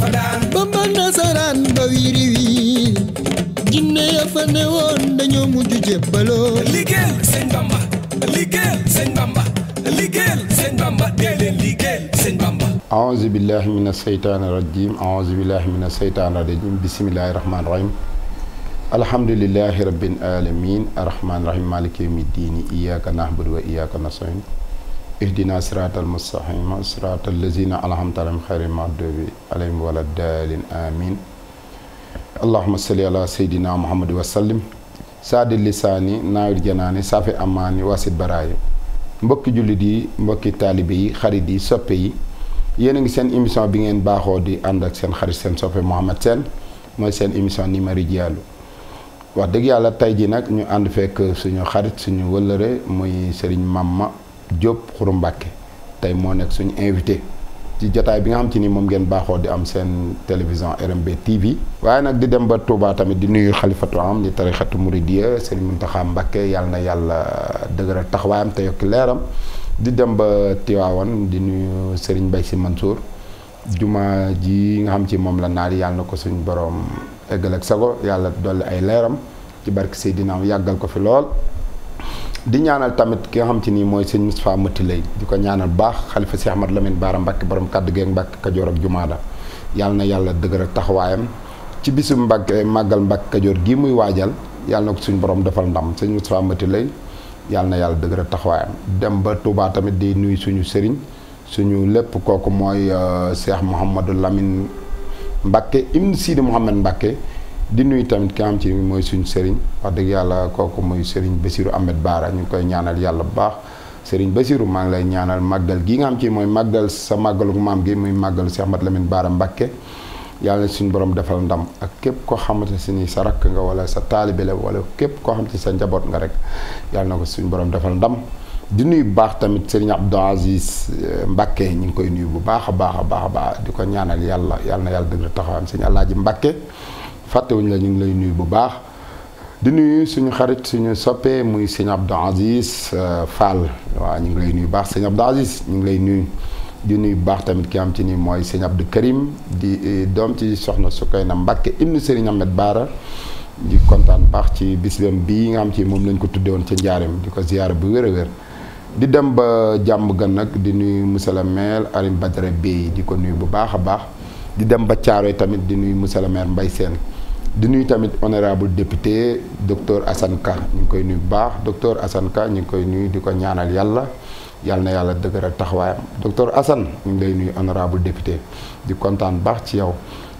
fa daan bamba nasaraan ba wiiri wiiri jinne ya woon dañoo mujj jébbaloo liggéeyal sëñ bamba liggéeyal sëñ bamba liggéeyal sëñ bamba bamba aouzu billahi alamin arrahmaani rahim maliki yawmi diini iyyaka wa iyyaka nasta'in اهدنا صراط المستقيم صراط الذين أنعمت عليهم غير المغضوب عليهم ولا الضالين آمين اللهم صل على سيدنا محمد وسلم saadi lisaani naawir janaani safi amaani wasit baraayi mbokki jullit yi mbokki taalibe yi xarit yi soppe yi yéen a ngi seen émission bi ngeen baaxoo di ànd ak seen xarit seen soppe Mouhamed Sène mooy seen émission ni mari jiyàllu wax dëgg yàlla tey ji nag ñu ànd fekk suñu xarit suñu wëllëre muy Serigne Mamma Diop Xuru Mbàkke tey moo nekk suñu invité ci jotaay bi nga xam ci ni mom ngeen baxo di am sen télévision RMB TV waaye nak di dem ba Touba tamit di nuyu Khalifatu am di tarikhatu Mouridiya Serigne Mountakha Mbàkke yàlla na yàlla dëgëral taxawaayam te yokki leeram di dem ba Tiwaawan di nuyu Serigne Mbaye Mansour juma ji nga xam ci mom la nal yàlla na ko suñu borom egal ak sago yalla dolli ay leram ci barke Seydina yagal ko fi lol di ñaanal tamit ki nga xam ci nii mooy sëñ Moustapha Mati lay di ko ñaanal baax xalifa Cheikh Ahmad Lamine Baara Mbàkke borom kàddu geeg Mbàkke Kajoor ak Jumaada yàlla na yàlla dëgëral taxawaayam ci bisu Mbàkke màggal Mbàkke Kajoor gii muy waajal yàlla ko suñu borom defal ndam sëñ Moustapha Mati lay yàlla na yàlla dëgëral taxawaayam dem ba Touba tamit di nuyu suñu sëriñ suñu lépp kooku mooy euh, Cheikh Mouhamadou Lamine Mbàkke ibn Sidi Mouhamad Mbàkke di nuyu tamit ki am ci moy suñu serigne wax deug yalla koku moy serigne basirou Ahmed Bara ñu koy ñaanal yalla bu baax serigne basirou ma ngi lay ñaanal magal gi nga am ci moy magal sa màggalu maam gi muy magal Cheikh Ahmed Lamine Bara mbacke yalla suñu borom defal ndam ak kep ko xamante ni sa rak nga wala sa taalibe la wala képp koo xamante sa njabot nga rek yalla nako suñu borom defal ndam di nuyu baax tamit serigne Abdou Aziz eh, mbacke ñu koy nuyu bu baaxa baaxa baaxa ba diko ñaanal yalla yalla na yàlla dëgg serigne mbacke fàttewuñ la ñu ngi lay nuyu bu baax di nuyu suñu xarit suñu soppee muy sëñ Abdou Aziz euh, Fall waaw ñu ngi lay nuyu bu baax sëñ Abdou Aziz ñu ngi lay nuyu di nuyu bu baax tamit ki am ci ni mooy sëñ Abdou kërim di eh, doom ci soxna na Mbàkke ibnu Sëriñ Ahmed Baara di kontaan baax ci bis bii nga xam ci moom lañ ko tuddee woon ca njaareem di ko ziyaara bu wér a wér di dem ba jàmb gan nag di nuyu monsieur le maire Alioune Badara di ko nuyu bu baax a baax di dem ba Thiaroye tamit di nuyu monsieur le maire Mbaye Sène di nuyu tamit honorable député docteur Assane Ka ñu ngi koy nuyu bu baax docteur Assane Ka ñu ngi koy nuyu di ko ñaanal yàlla yàlla na yàlla dëgëral taxawaayam docteur Assane ñu ngi lay nuyu honorable député di kontaan baax ci yow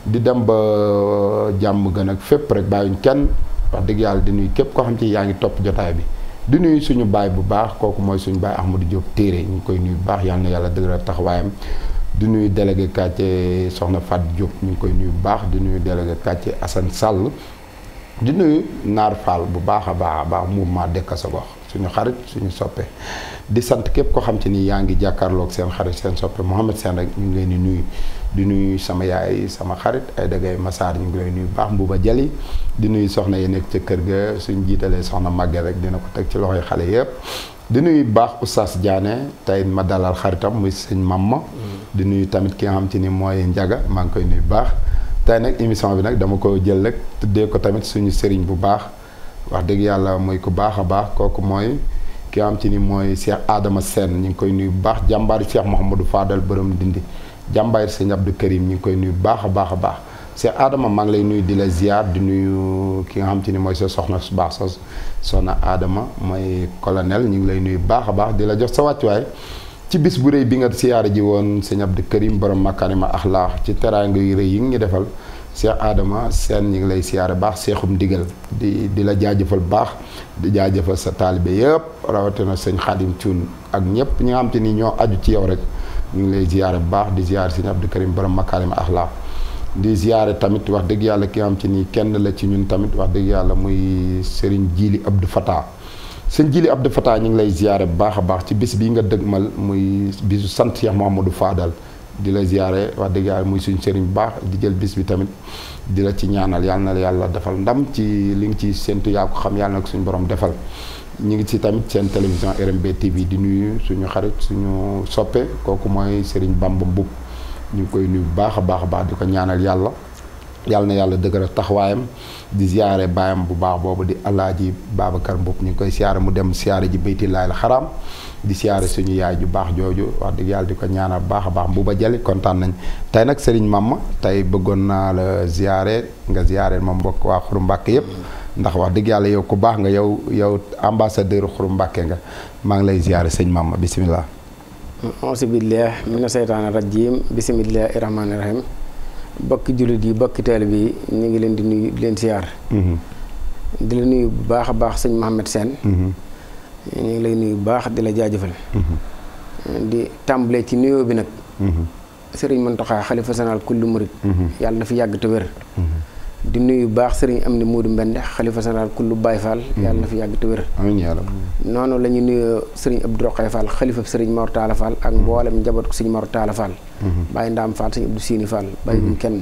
di dem ba euh, jàmm gën ak fépp rek bàyyuñ kenn wax dëgg yàlla di nuy képp ko xam ci yaa ngi topp jotaay bi di nuyu suñu baay bu baax kooku mooy suñu baay Ahmadou Diop téere ñu ngi koy nuyu bu baax yàlla na yàlla dëgëral taxawaayam di nuyu délégué quartier Soxna Fat jóg ñu ngi koy nuyu bu baax di nuyu délégué quartier Assane Sall di nuyu Naar Fall bu baax a baax a baax mouvement dëkk sa gox suñu xarit suñu soppee di sant képp ko xam ci ni yaa ngi jàkkaarloog seen xarit seen soppe Mouhamed seen rek ñu ngi leen di nuyu di nuyu sama yaay sama xarit ay dagay masaar ñu ngi lay nuyu baax mbuuba jali di nuyu soxna yi nekk ca kër ga suñ jiitalee soxna màgge rek dina ko teg ci loxoy xale yëpp di nuyu baax Oustaz Diané tey ma dalal xaritam muy sëñ Mamma. Mm. di nuyu tamit ki nga xam ci ni mooy Ndiaga maa ngi koy nuyu baax. tey nag émission bi nag dama ko jël rek tuddee ko tamit suñu sëriñ bu baax wax dëgg yàlla muy ku baax a baax kooku mooy ki nga xam ci ni mooy Cheikh aadama seen ñu ngi koy nuyu bu baax jàmbaari Cheikh Mouhamadou Fadal borom dindi jàmbaari sëñ Abdou Karim ñu ngi koy nuyu baax a baax a baax. Cheikh Adama maa ngi lay nuyu di la ziar di nuyu ki nga xam te ni mooy soxna su baax soo soxna Adama mooy colonel ñu ngi lay nuyu baax a baax di la jox sa wàccuwaay ci bis bu rëy bi nga siyaare ji woon sëñ Abdou Karim borom makarima axlaax ci teraanga yu yi nga ñu defal Cheikh Adama seen ñu ngi lay siyaare baax seexum digal di di la jaajëfal baax di jaajëfal sa taalibe yëpp rawatina sëñ Xaadim Cuun ak ñëpp ñi nga xam ni ñoo aju ci yow rek ñu ngi lay ziyaare bu baax di ziyaare sëñ Abdou Karim borom makarima axlaax di ziyaare tamit wax dëgg yàlla ki xam ci nii kenn la ci ñun tamit wax dëgg yàlla muy Serigne Jili Abdou Fatah sëñ Jili Abdou Fatah ñu ngi lay ziyaare bu baax a baax ci bis bi nga dëgg mal muy bisu sant moom ma du faadal di la ziyaare wax dëgg yàlla muy suñ sëriñ bu baax di jël bis bi tamit di la ci ñaanal yàlla na la yàlla defal ndam ci li nga ci séntu yaa ko xam yàlla na suñu borom defal ñu ngi ci tamit seen télévision RMB TV di nuyu suñu xarit suñu soppe kooku mooy Serigne Bamba Mboup ñu ngi koy nuyu bu baax a baax a baax di ko ñaanal yàlla yàlla na yàlla dëgëral taxawaayam di siyaare baayam bu baax boobu di ji Babacar Mboup ñu ngi koy siyaare mu dem siyaare ji bayti laay la xaraam di siyaare suñu yaay ju baax jooju wax dëgg yàlla di ko ñaanal baax a baax bu ba jali kontaan nañ tey nag Serigne Mama tey bëggoon naa la siyaare nga siyaare ma mbokk waa Xuru Mbàkke yëpp ndax wax dëgg yàlla yow ku baax nga yow yow ambassadeur Xuru Mbàkke nga maa ngi lay siyaare sëñ Mama bisimilah. auzu billah mina seytaani rajim bisimillahi rahmaani rahim bokki jullit yi bokki taalibe yi ñu ngi leen di nuyu di leen siyaar mm-hmm. di la nuyu bu baax a baax sëñ Mouhamed Sène mm-hmm. ñu ngi lay nuyu bu baax di la jaajëfal mm-hmm. di tàmbale ci nuyoo bi nag sëriñ Mountakha xalifa général kullu murid yàlla na fi yàgg te wér di nuyu baax sëriñ am ni Moodu Mbende xalifa général kullu Baye Fall. Mm-hmm. yàlla na fi yàgg te wér. amiin yàlla. noonu la ñuy nuyu sëriñ Abdou Roqay Fall xalifa sëriñ Mor Talla Fall ak mm-hmm. mboolem njaboot ko sëriñ Mor Talla Fall. Mm-hmm. Ndaam Fall sëriñ Abdou Sini kenn.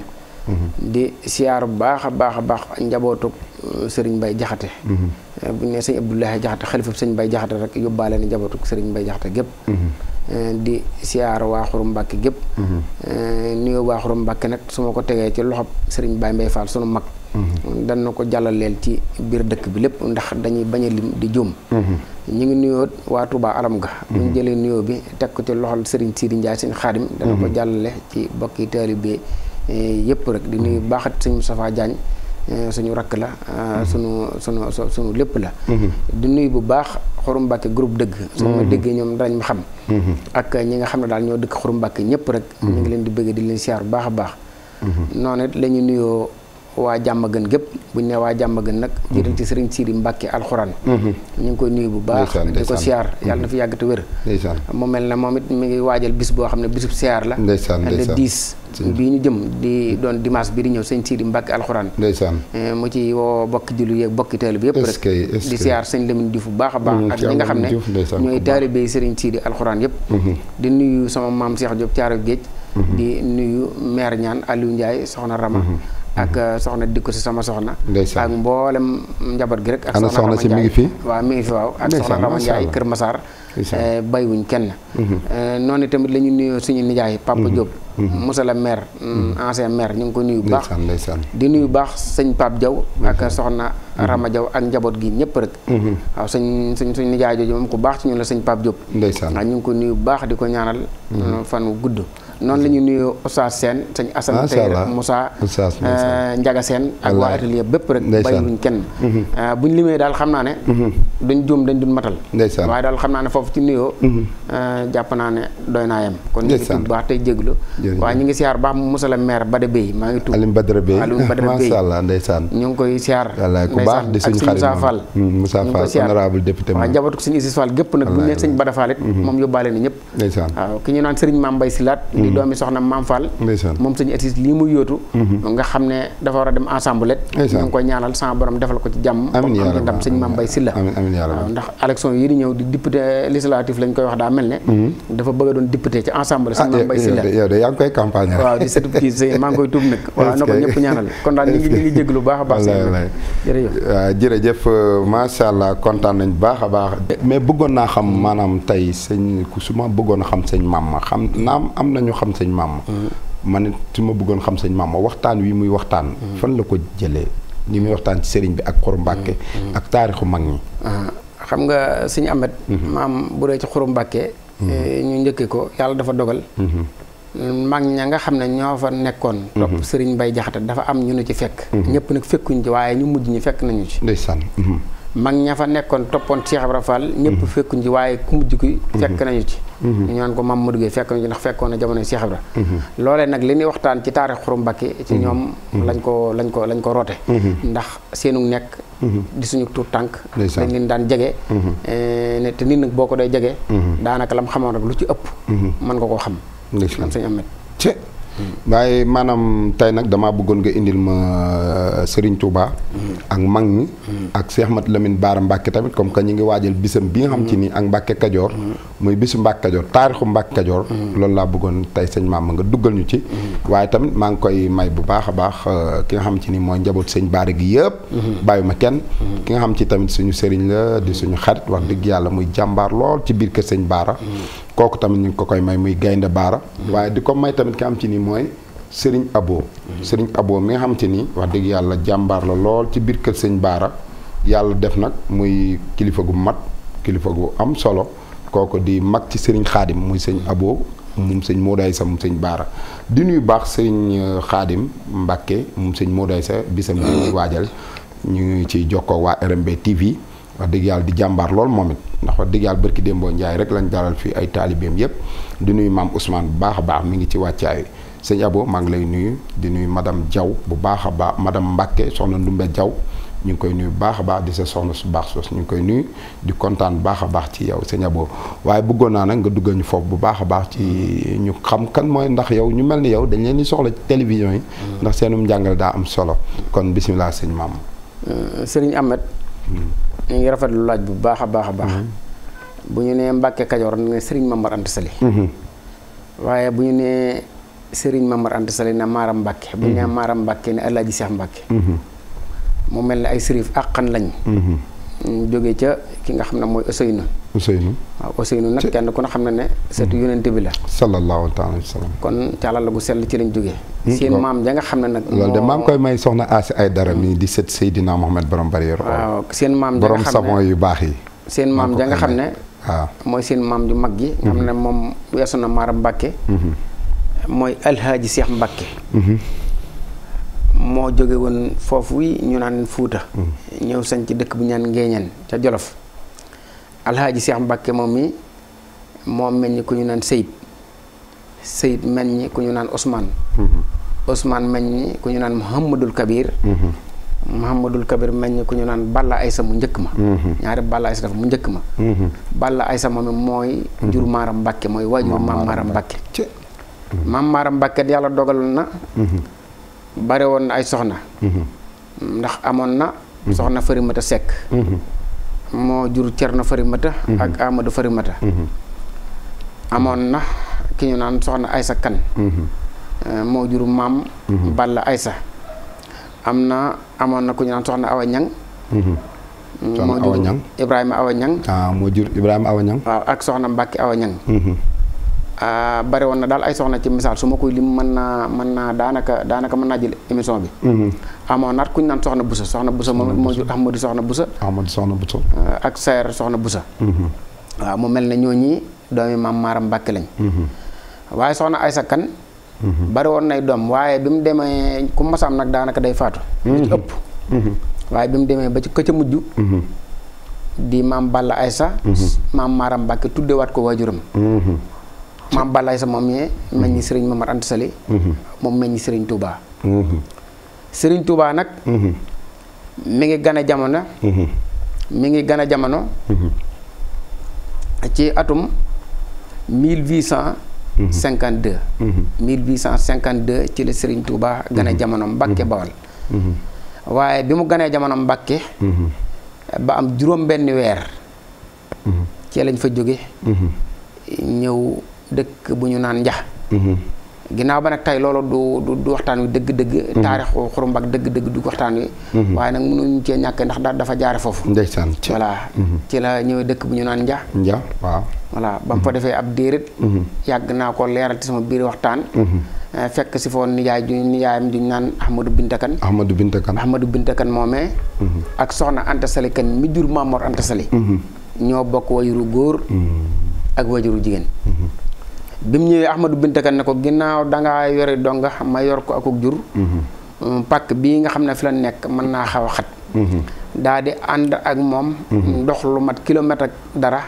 di siyaar bu baax a baax a baax njabootu uh, sëriñ Baye Jaxate uh, bu ñu nee sëriñ Abdoulaye Jaxate xalifa sëriñ Baye Jaxate rek yóbbaale na njabootu sëriñ Baye Jaxate gépp Eh, di siyaar waa Xurum Mbàkke gépp mhm. eh, nuyoo waa Xurum Mbàkke nag su ma ko tegee ci loxo sëriñ Baye Mbaye Fall sunu mag mhm. dan na ko jàllaleel ci biir dëkk bi lépp ndax dañuy bañ a lim di juum mhm. ñu ngi nuyoo waa Touba alam ga bu ñu jëlee nuyoo bi teg ko ci loxol sëriñ Sidi Ndiaye seen xaadim dana ko jàllale ci bokki taalibe eh, yëpp rek di nuyu baaxat sëñ Moustapha Diagne Eh, suñu rak la eh, suñu suñu suñu lepp la mhm. di nuyu bu baax Xuru bakki groupe deug suñu mhm. deug ñom dañ ma xam mhm. ak ñi nga xam ne daal ñoo dëkk Xuru bakki ñepp rek ñi ngi leen di bëgg di leen siar bu baax baax noonu it la wa jamm gën gep mhm. mhm. bu ne waa jàmm gën di dem ci serigne Sidi Mbàkke alcorane ñu ngi koy nuyu bu baax di ko siar mhm. yalla na fi yagg te wër mu mel ne moom mi ngi waajal bis bo xam bisub siar la le 10 bi ñu jëm di don dimanche bi di ñëw serigne Sidi Mbàkke alcorane ndeysaan eh, mu ci woo bokki jullu yeeg bokki taalibe yëpp rek di siar serigne Lamine Diouf bu baax baax ak li nga xam ñoy talibé serigne Sidi alcorane yëpp di nuyu sama mam Cheikh Diop Thiaroye geej di nuyu mère ñaan Aliou ndjay soxna Rama ak euh, soxna dikku si sama soxna. ak mboolem njaboot gi rek. ak soxna si mi ngi fi. waaw mi ngi fi waaw ak soxna Xama Njaay Kër Masaar. Eh, bàyyiwuñ kenn. Mhm. Eh, noonu tamit la ñu nuyoo suñu nijaay Papa mhm. Diop. Mhm. Moussa la maire. Mm, ancien ñu ngi ko nuyu bu baax. di nuyu baax sëñ Pape Diaw. ak soxna Rama Diaw ak njaboot gi ñëpp rek. waaw suñ suñ suñ nijaay jooju moom ku baax ci ñun la sëñ Pape Diop. ndeysaan ñu ngi ko nuyu bu baax di ko ñaanal. Mm, fan wu gudd. noonu la ñu nuyoo Oustaz Sène sëñ Assane tey Moussa euh, Njaga Sène ak waa atelier bépp rek bàyyiwuñ kenn mhm. euh, bu ñu limee daal xam naa ne mhm. dañ juum dañ dun matal waaye daal xam naa ne foofu ci nuyoo mhm. euh, jàpp naa ne doy naa yem kon ñu ngi tudd baax tey jéglu waaye ñu ngi siyaar baax Moussa la maire Bada Bey maa ngi tudd Alioune Badara Bey Alioune Badara Bey ndeysaan ñu ngi koy siyaar ku baax di suñu xarit Moussa Fall Moussa Fall honorable député waaw njabootu ko suñu Isis Fall gépp nag bu nee sëñ Bada muy mm-hmm. doomi soxna Maam Fall moom sëñ Asis lii mu yóotu mm-hmm. nga xam ne dafa war a dem ensemble Maam mm-hmm. a doon député ah, de yaa ngi koy campagne waaw di sëtu kii sëñ maa ngi koy tuub nag waaw na ko ñëpp ñaanal kon daal ñu ngi ñu ngi jégg baax a baax jërëjëf ah, a baax mais bëggoon naa xam maanaam tey sëñ ku suma bëggoon a xam sëñ maam ma xam naam am nañu xam sëñ maam ma mm. man su ma bëggoon xam sëñ maam ma waxtaan wi muy waxtaan mm. fan la ko jëlee li muy waxtaan ci sëriñ bi ak xuru mbàkke mm. ak taarixu mag ñi ah, xam nga sëñ Amet mm-hmm. maam bu ci xuru mbàkke mm-hmm. eh, ñu njëkkee ko yàlla dafa dogal mm-hmm. mag ña nga xam ne ñoo fa nekkoon topp sëriñ Mbay Jaxate dafa am ñu nu ci fekk ñëpp nag fekkuñ ci waaye ñu mujj ñi fekk nañu ci ndeysaan mag ña fa nekkoon toppoon Cheikh Ibra Fall ñëpp mhm. fekkuñ ci waaye ku mujj ki mhm. fekk nañu ci mhm. ñu ñaan ko Mamadou Gueye fekk nañu ci ndax fekkoon na jamono Cheikh Ibra loolee nag li ñuy waxtaan ci taarix Xuru Mbàkke ci ñoom lañ ko lañ ko lañ ko roote ndax seenu nekk di suñu tuur tànk dañ leen daan jege eh, ne te nit nag boo ko dee jege daanaka lam xamoon rek lu ci ëpp mën nga koo xam man suñu amet waaye maanaam tey nag damaa bëggoon nga indil ma euh, Serigne Touba. ak mag ñi. ak Cheikh Mat Lamine Baara Mbacke tamit comme que ñu ngi waajal bisam bi nga xam ci nii ak Mbacke Kajoor. muy bisu Mbacke Kajoor taarixu Mbacke Kajoor. loolu laa bëggoon tey sëñ maam nga duggal ñu ci. waaye tamit maa ngi koy may bu baax a baax euh, ki nga xam ci ni mooy njaboot sëñ Baara gi yëpp. bàyyi ma kenn. ki nga xam ci tamit suñu sëriñ la di suñu xarit wax dëgg yàlla muy jàmbaar lool ci biir kër sëñ Baara. kooku tamit ñu ko koy may muy gaynde baara waaye di ko may tamit ki am ci nii mooy sëriñ abo sëriñ abo mi nga xam ci ni wax dëgg yàlla jàmbaar la lool ci biir kër sëñ baara yàlla def nag muy kilifa gu mat kilifa gu am solo kooku di mag ci sëriñ xaadim muy sëñ abo mu sëñ moodaay sax moom sëñ baara di nuyu baax sëriñ xaadim euh, mbàkke moom sëñ moodaay sa bisam bi ñuy waajal ñu ngi ciy jokkoo waa RMB TV wax deug yalla di jambar lol momit ndax wax deug yalla barki dembo njaay rek lañ dalal fi ay talibem yeb di nuyu mam Ousmane bu baax baax mi ngi ci waccay seigne Abo lay nuyu di nuyu madame Diaw bu bah ba baax madame Mbacke soxna Ndumbe Diaw ñu ngi koy nuyu baax a di sa soxna su baax sos ñu ngi koy nuyu di contane baax baax ci yow seigne Abo waye bu gona nak nga duggal ñu bu bah bah baax ci ñu xam kan moy ndax yow ñu melni yow dañ leen ni soxla ci télévision yi mm. ndax seenum jangal daa am solo kon bismillah seigne mam euh, sëriñ Ahmed mm. ñu ngi lu laaj bu baax a baax a baax. Mm-hmm. bu ñu nee Mbacke Kajoor na ne Serigne Mamar Anta mm-hmm. waaye bu ñu nee sëriñ Mamar Anta Sali na Maram Mbacke. bu ñu nee Maram mm-hmm. Mbacke ne El seex Cheikh Mbacke. mu mel ne ay sërif àqan lañ. jóge ca ki nga xam ne mooy Ousseynou. Ousseynou waaw Ousseynou nag kenn ku ne xam na ne sëtu yonent bi la. sallallahu alayhi wa sallam. kon ca la gu sell ci lañ jógee. Hmm, seen maam ja nga xam ne nag. loolu de koy may soxna Asi ay dara mii di sët Seydina Mohamed borom bari yor. waaw seen maam ja nga xam ne yu baax yi. seen maam ja nga xam ne. mooy seen maam ju mag ji. nga hmm. moom weesu na Mara Mbacke. Hmm. mooy Alhaji seex Mbacke. mo joge won fofu wi ñu nan fouta hmm. ñew sañ ci dekk bu ñaan Ngeeñeen ca Jolof. Alxaaji cheikh Mbàkke mom mi mom melni ku ñu nan seyd seyd melni ku ñu nan osman hmm. osman melni ku ñu nan Muhammadul Kabir. Muhammadul hmm. Kabir melni ku ñu nan Balla aissa mu ñeek ma. ñaari Balla aissa dafa mu ñeek ma. Balla Aysa moom moy jur maram Mbàkke moy wajur mam maram Mbàkke. mam maram Mbàkke yalla dogal na. bare woon na ay soxna. Mhm. ndax amoon na. Mhm. soxna Farimata Seck. Mhm. moo jur Cerno Farimata. ak Amadou Farimata. amoon na ki ñu naan soxna Aysa Kan. Euh, moo jur maam. Balla Aysa. am na amoon na ku ñu naan soxna Awa Ñang. Awa Ñang ah, moo jur Ibrahima Awa Ñang. Ñang. waaw ak soxna Mbacke Awa Ñang. Ah, bari won na dal ay soxna ci misal suma koy lim man na man na danaka danaka man na jël émission bi. hmm amon nat kuñ nan soxna Busa soxna Busa mo mo jur Ahmadou soxna Busa. Ahmadou soxna bussa ah, ak Sayer soxna Busa. Mhm. waaw mo mel ne doomi mam maram bak lañ. Mhm. waye soxna aïssa Kan. Mhm. bari won nay dom waye bi démé ku ma sam nak danaka day faatu. ëpp. hmm waye démé ba ci muju hmm di mam Balla mam maram bak tuddé wat ko hmm ma balay sa moom yee meññ Serigne Momar ant Sali mhm. moom meññ Serigne Touba. Mhm. Serigne Touba nag. mi mhm. ngi gana jamono. mi ngi gane jamono. ci atum 1852 huit cent. ci le Serigne Touba jamono Mbacke Bawal. waaye bi mu gana jamono Mbacke. ba am ben benn weer. ci lañ fa ñew dekk bu ñu naan hmm ginaaw ba nak tay loolu du du waxtaan wi dëgg-dëgg. Mhm. taarixu bak deug deug du waxtaan wi. Mhm. waaye nag mënuñu ci ñàkk ndax dafa jaar fofu ndeysaan ci wala mhm. ci la ñëwee dekk bu ñu naan Nja. Nja waaw. wala ba mu fa defé ab hmm yag na ko leral ci sama biir waxtaan. Eh, fekk si ni yaay ju ju naan Ahmadou Bintakan. Ahmadou Bintakan Ahmadou Bintakan hmm ak soxna Anta kan mi jur Mamor Anta Sali. ñoo bokk wajuru góor. ak wajuru bi mu ñëwee Ahmadou Binta Kane ne ko ginnaaw danga yore donga ma yor ko akuk jur mhm. mm, pàkk bi nga xam ne fi la nekk mën naa xaw a xat mhm. daa di ànd ak moom mhm. ndox lu mat kilomètre ak dara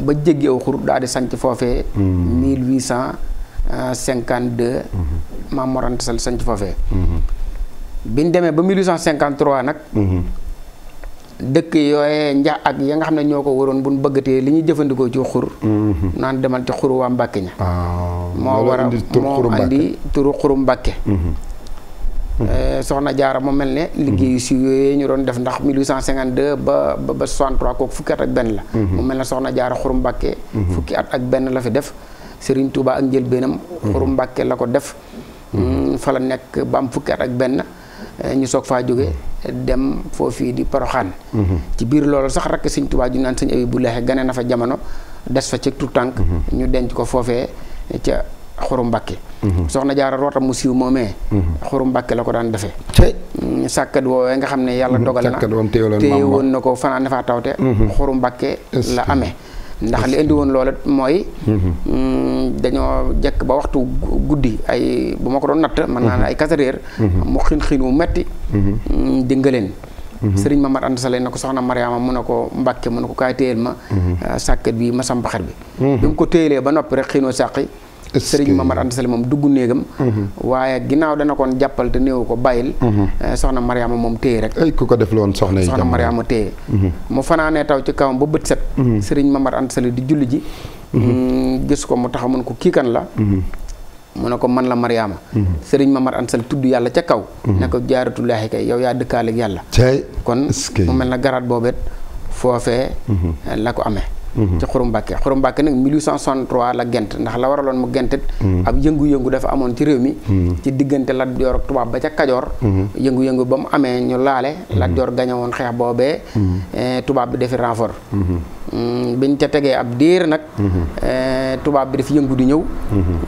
ba jéggi aw xur daa di sanc foofee 1852 Maam Mor Anta Sall sanc foofee biñ demee ba 1853 nag dëkk yoy njax ak ya nga xamne ñoko ñoo ko bëggate bu ñu li ñuy jëfandikoo ci xur mhm. naan demal ci xuru wa mbacké ña ah, mo wara mo andi turu xuru mbacké mhm. euh soxna jaara mo melne liggéey ci mhm. yoy ñu doon def ndax 1852 ba ba 63 ko fukki at ak ben la mo melne soxna jaara xuru mbacké fukki at ak ben la fi def Serigne Touba ak jël benam xuru mbacké la ko def mm, fa la nek ba am fukki at ak ben Eh, ñu soog faa jóge dem foofii di Poroxaan mhm. ci biir loolu sax rakk sëñ Tuubaa ju naan sëñ abi bu leexe gane na fa jamono des fa ca tutànk mhm. ñu denc ko foofee ca xuru mbàkke mhm. soxna jaara rootam mu siiw moomee xuru mbàkke la ko daan defee mm, sàkkat woowee nga xam ne yàlla dogal na téye woon na ko fanaan faa tawte xuru mbàkke la amee ndax li indi woon loola mooy. Mm, dañoo jekk ba waxtu guddi ay bu ma ko doon natt. man naa ne ay kasareer. mu xin xin wu metti. Mm, dingaleen sëriñ Mamar Anta Sall na ko soxna Mariama mu a ko Mbàkke mu a ko kaay téyel ma. Mhm. Ah, sàkket bi ma sambaxet bi. Mhm. bi mu ko téyelee ba noppi rek xiinoo sàqi sëriñ Mamar Anta Sali moom dugg néegam mhm. waaye ginnaaw dana koon jàppal te néew ko bàyyil mhm. eh, soxna Mariama moom téye rek ku ko def loon soxna yi soxna téye mhm. mu fanaanee taw ci kawam ba bët set sëriñ Mamar Anta di julli ji mm, gis ko mu taxaw mun ko kiikan kan la mu ne ko man la Mariama sëriñ Mamar Anta Sali tudd yàlla ca kaw ne ko jaaratullaahi kay yow yaa dëkkaaleeg yàlla kon mu mel na garaat boobet foofee la ko amee ci xurum bakke xurum bakke nak 1863 la gent ndax la waralon mu gentit mm-hmm. ab yëngu-yëngu dafa amone ci réew mi mm-hmm. ci digeunte Lat dior ak tuba ba ca kadior mm-hmm. yëngu-yëngu bam ganyawan ñu laalé Lat Joor xex bobé euh tuba bi def renfort mm, biñ ca tégué ab nak euh tuba bi def yëngu di ñëw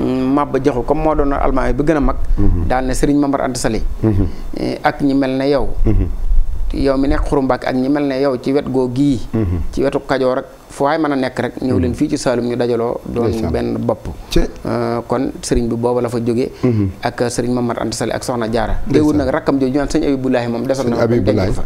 mm, mabba jaxu comme mo doona almay bi gëna mag dal na serigne Mamar Anta Sali eh, ak ñi mel yow yow mi nek xurum Mbàkke ak ñi melne yow ci wet go gi ci wetu fu waay mën a nekk rek ñëw leen mm-hmm. fii ci Saalum ñu dajaloo doon benn bopp euh, kon sëriñ bi booba la fa jógee mm-hmm. ak sëriñ Mamar Anta Sall ak soxna Jaara déewul nag rakkam jooju ñu moom na denc fa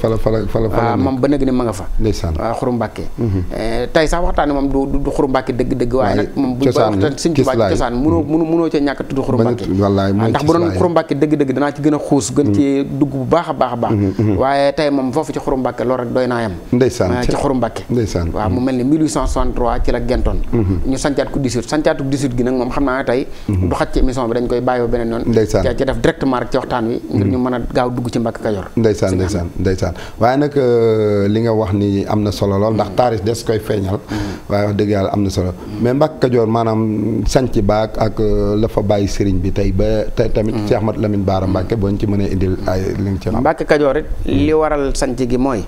fala fala fala ah, ba nëg ni ma fa waaw ah, mm-hmm. eh, tey sax waxtaan moom du du Xuru Mbàkke dëgg dëgg waaye nag moom bu waxtaan sëñ Tuubaa cosaan mënoo mënoo ca ñàkk tudd Xuru Mbàkke dëgg danaa ci gën a xuus gën ci dugg bu baax a baax a baax waaye tey moom foofu ci Xuru Mbàkke loolu rek doy naa yam ndeysaan ah, ci Xuru ndeysaan waaw mu melni 1863 ci la genton mhm. ñu sancaat ko 18 sancaatu 18 gi nak mom xamna tay du mhm. xat ci émission bi dañ koy bàyyoo benen non ndeysaan ci def directement rek ci waxtan wi ngir ñu mhm. mëna gaaw dugg ci Mbàkke Kajoor ndeysaan ndeysaan ndeysaan waye nak euh, li nga wax ni amna solo lol ndax taris des koy feñal waye wax deug yalla amna solo mais Mbàkke Kajoor manam santi baak ak euh, la fa bàyyi serigne bi tay ba tey tamit Cheikh Ahmad Lamine Bara Mbàkke bo ñu ci mënee indil ay li nga ci mbak Mbàkke Kajoor it li waral santi gi moy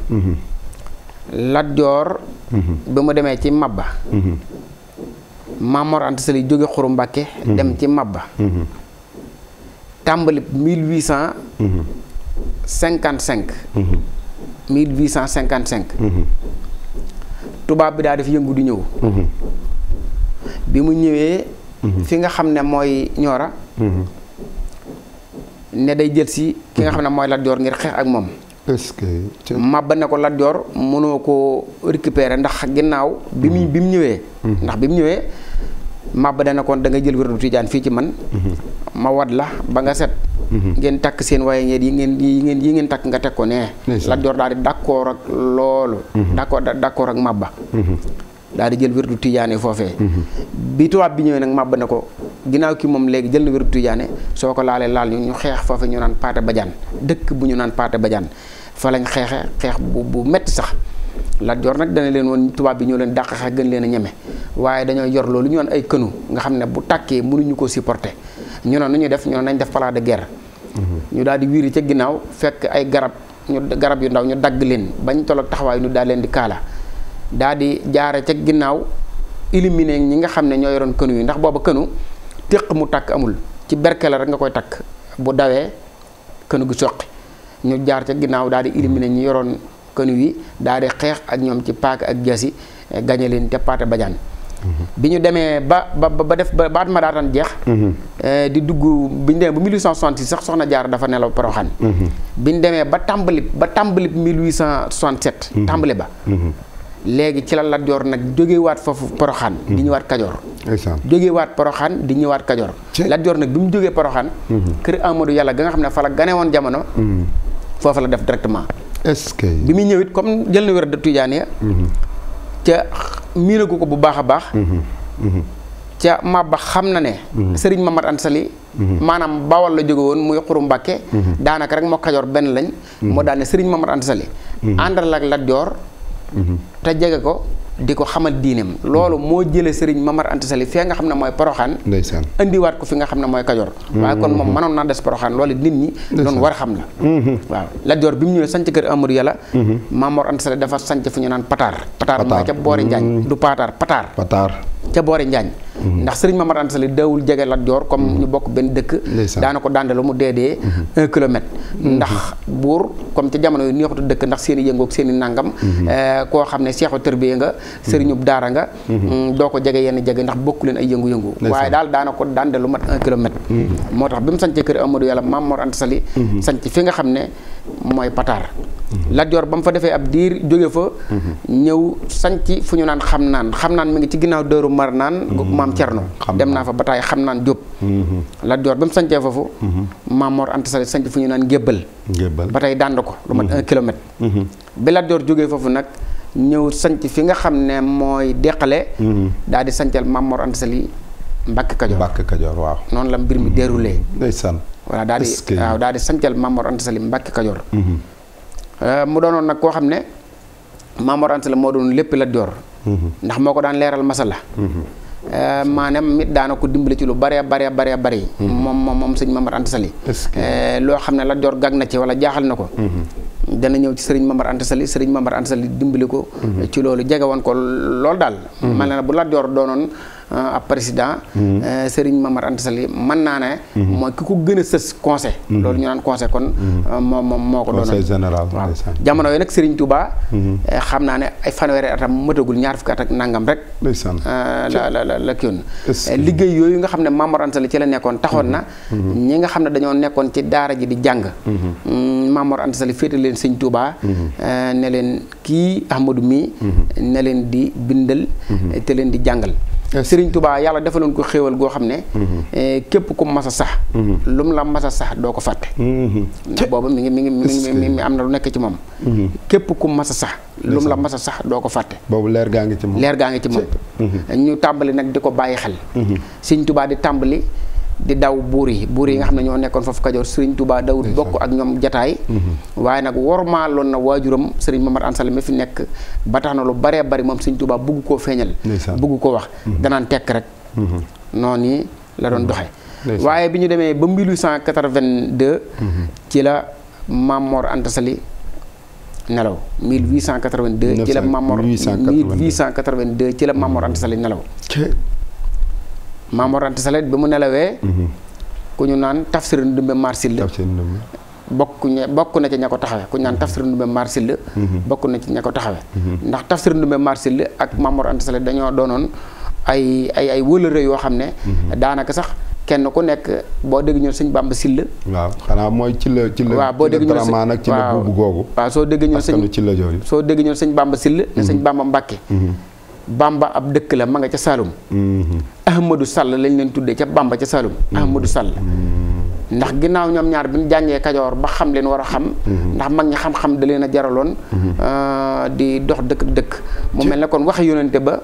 Lat Joor mhm. ba mu demee ci Mabba mhm. Maam Mor Anta Sali jóge Xuru Mbàkke mhm. dem ci Mabba tàmbali cinquante cinq tubaab bi daa def yëngu di ñëw bi mu ñëwee fi nga xam ne mooy Ñoora ne day jël si ki nga xam ne mooy Lat Joor ngir xeex ak moom Ma ce que ko ladior Joor ko récupérer ndax ginnaaw. bimi mu mm-hmm. bi mm-hmm. ndax kon da nga jël man. Mm-hmm. ma wad la ba nga set. ngeen tak seen waaye ngeen yi ngeen yi ngeen yi ngeen takk nga teg ko nee. Lat Joor daal di d'accord ak loolu. d'accord d'accord ak màbba. daal jël wérdu bi ko ginnaaw ki mom léegi jël na wérdu tijaane soo ko laalee laal ñu ñu xeex foofe ñu naan paate bajaan dëkk bu ñu naan fa lañ xeexe xeex bu bu metti sax Lat Joor nag dana leen woon tubaab bi ñoo leen dàq xeex gën leen a ñeme waaye dañoo yor loolu ñu naan ay kënu nga xam ne bu tàkkee mënuñu ko supporter ñu ne ñuy def ñu ne def plat de guerre. Mhm. ñu daal di wiiri ca ginnaaw fekk ay garab ñu garab yu ndaw ñu dagg leen bañ toll taxawaay ñu daal leen di kaala daal di jaare ca ginnaaw éliminer ñi nga xam ne ñoo yoroon kënu yi ndax booba kënu téq mu takk amul ci berkela rek nga koy takk bu dawee kënu gi soqi ñu jaar ca ginnaaw daal di éliminer ñi yoroon kanu wi daal di xeex ak ñoom ci paak ak jasi eh, gañe leen ca Paate Badiane mhm. bi ñu demee ba ba ba def ba at ma daataan jeex. Mhm. Eh, di dugg bu ñu demee ba 1866 sax soxna jaar dafa nelaw Poroxaan. Mhm. bi ñu demee ba tàmbali ba tàmbali 1867. tàmbali ba. léegi ci la Lat Joor nag jógewaat foofu Poroxaan. di ñëwaat Kajoor. jógewaat Poroxaan di ñu waat Kajoor. Lat Joor nag bi mu jógee Poroxaan. kër Amadou yàlla ga nga xam ne fa la gane woon jamono. foofa la def directement. est que. bi muy ñëw it comme jël na wér de Tijaaniya mhm. ca miinagu ko bu baax a baax. Mhm. Mhm. ca Maba xam na ne. Serigne Mamad Ansali. maanaam bawal la jóge woon muy xuru Mbàkke. daanaka rek moo Kajoor benn lañ. moo daane ne Serigne Mamad Ansali. àndal ak Lat Joor te jege ko. di ko xamal diineem loolu moo jëlee Serigne Mamar Anta Sali fee nga xam ne mooy Poroxaan ndeysaan indiwaat ko fi nga xam ne mooy Kajoor waaye kon moom mënoon mm-hmm. naa des Poroxaan loolu nit ñi doon war xam la mm-hmm. waaw Lat bi mu ñëwee sanc kër Amar Yàlla mm-hmm. Mamor Anta Sali dafa sanc fu ñu naan Pataar Pataar mooy ca boori Njaañ du Pataar Pataar ca boori Njaañ mhm. ndax sëriñ Mamadou Anta Sali dawul jege Lat Joor comme mhm. ñu bokk benn dëkk daana ko dàndalu mu deedee mhm. un kilomètre ndax buur comme ca jamono yu neexutu dëkk ndax seen i yëngoog seen eh, koo xam ne seexu tërbiye nga sëriñub daara nga mm, doo ko jege yenn jege ndax bokku leen ay yëngu-yëngu waaye daal daana ko dàndalu mat un kilomètre moo tax bi mu sancee kër Amadou Yàlla Maam Mor Anta Sali sanc fi nga xam ne mooy Pataar Lat Joor ba mu fa defee ab diir jóge fa ñëw mar naan mhm. maam Cerno dem naa fa bataay xam naan Jóob mhm. Lat Joor ba mu sancee foofu mhm. maam Mor Anta Sali sanc fu ñu naan gébbal bataay dànd ko lu mat un kilomètre bi Lat Joor foofu nag ñëw sanc fi nga xam ne mooy deqale daal di sancal maam Mor Anta Sali Mbàkke Kajoor waaw noonu la mbir mi déroulé ndeysaan voilà daal di waaw daal di sancal maam Mor Anta Sali Mbàkke Kajoor euh, mu doonoon nag koo xam ne maam Mor moo doon lépp Lat Joor ndax moo ko daan leeral masala euh, maanaam mit daana ko dimbali ci lu bare bare bare bare moom moom moom sëñ Mamar Anta Sali euh, loo xam ne la joor gag na ci wala jaaxal na ko mm-hmm. dana ñëw ci sëriñ Mamar Anta Sali sëriñ Mamar Anta Sali dimbali ko mm-hmm. ci loolu jege woon ko loolu daal man mm-hmm. bu la doonoon ab président. Mhm. Euh, Serigne Mamar Anta Sali mën naa ne. Mhm. mooy ki ko gën a sës conseil. Mhm. loolu ñu naan conseil kon. Euh, moom moo ko doon conseil général. waaw jamono yi nag Serigne Touba. Euh, xam naa ne ay fanweeri atam mëtagul ñaar fukki at ak nangam rek. la la la la yooyu nga xam ne Mamar Anta Sali ci la nekkoon taxoon na. ñi nga xam ne dañoo nekkoon ci daara ji di jàng. Mm, Mamar Anta Sali féete leen Serigne Touba. ne leen kii Ahmadou mi. ne leen di bindal. te leen di jàngal. Sëriñ Touba yàlla defaloon ko xéewal goo xam ne. Mhm. Eh, képp ku mas a sax. Mhm. lu mu la mas a sax doo ko fàtte. Mhm. ndax boobu mi ngi mi ngi mi ngi na lu nekk ci moom. képp ku mas a sax. lu la mas a sax doo ko fàtte. boobu leer gaa ngi ci moom leer gaa ngi ci moom. ñu tàmbali nag di ko bàyyi xel. Sëriñ Touba di tàmbali. di daw buur yi buur yi nga xam ne ñoo nekkoon foofu Kajoor Serigne Touba dawut bokk ak ñoom jataay mhm. waaye nag wormaaloon na waajuram sëriñ Mamar Anta Sall mi fi nekk ba tax na lu baree bari moom Serigne Touba bugg koo feeñal bugg ko wax mhm. danaan tekk rek mhm. noonu la doon doxe waaye bi ñu demee ba 1882 ci la Mamor Anta Sali nelaw 1882 ci la Mamor 1882 ci la Mamor Anta Sali nelaw Maam Mor Anta bi mu nelawee. Mhm. ku ñu naan tafsir Ndumbe Marsile. tafsir Ndumbe. bokk ña bokk na ci ña ko taxawee ku ñu naan mhm. tafsir Ndumbe Marsile. Mhm. bokk na ci ña ko taxawe ndax tafsir Ndumbe Marsile ak Maam Mor Anta dañoo doonoon ay ay ay wëlëre yoo xam ne. daanaka sax. kenn ku nekk boo dégg ñun sëñ Bamba sill waaw xanaa mooy ci la ci la boo dégg ñun sëñ nag ci la buubu googu waaw soo dégg ñun sëñ ci la soo dégg ñun sëñ Bamba Sylla ne sëñ Bamba Mbàkke Bamba ab dëkk la ma nga ca Saalum. Mhm. Ahmadou Sall lañ leen tuddee ca bàmba ca Saalum. Mhm. Ahmadou Sall. Mhm. ndax ginnaaw ñoom ñaar bi ñu jàngee Kajoor ba xam leen war a xam. ndax mag ñi xam-xam da leen a jaraloon. Euh, di dox dëkk dëkk. mu mel ne kon waxe yónnante ba.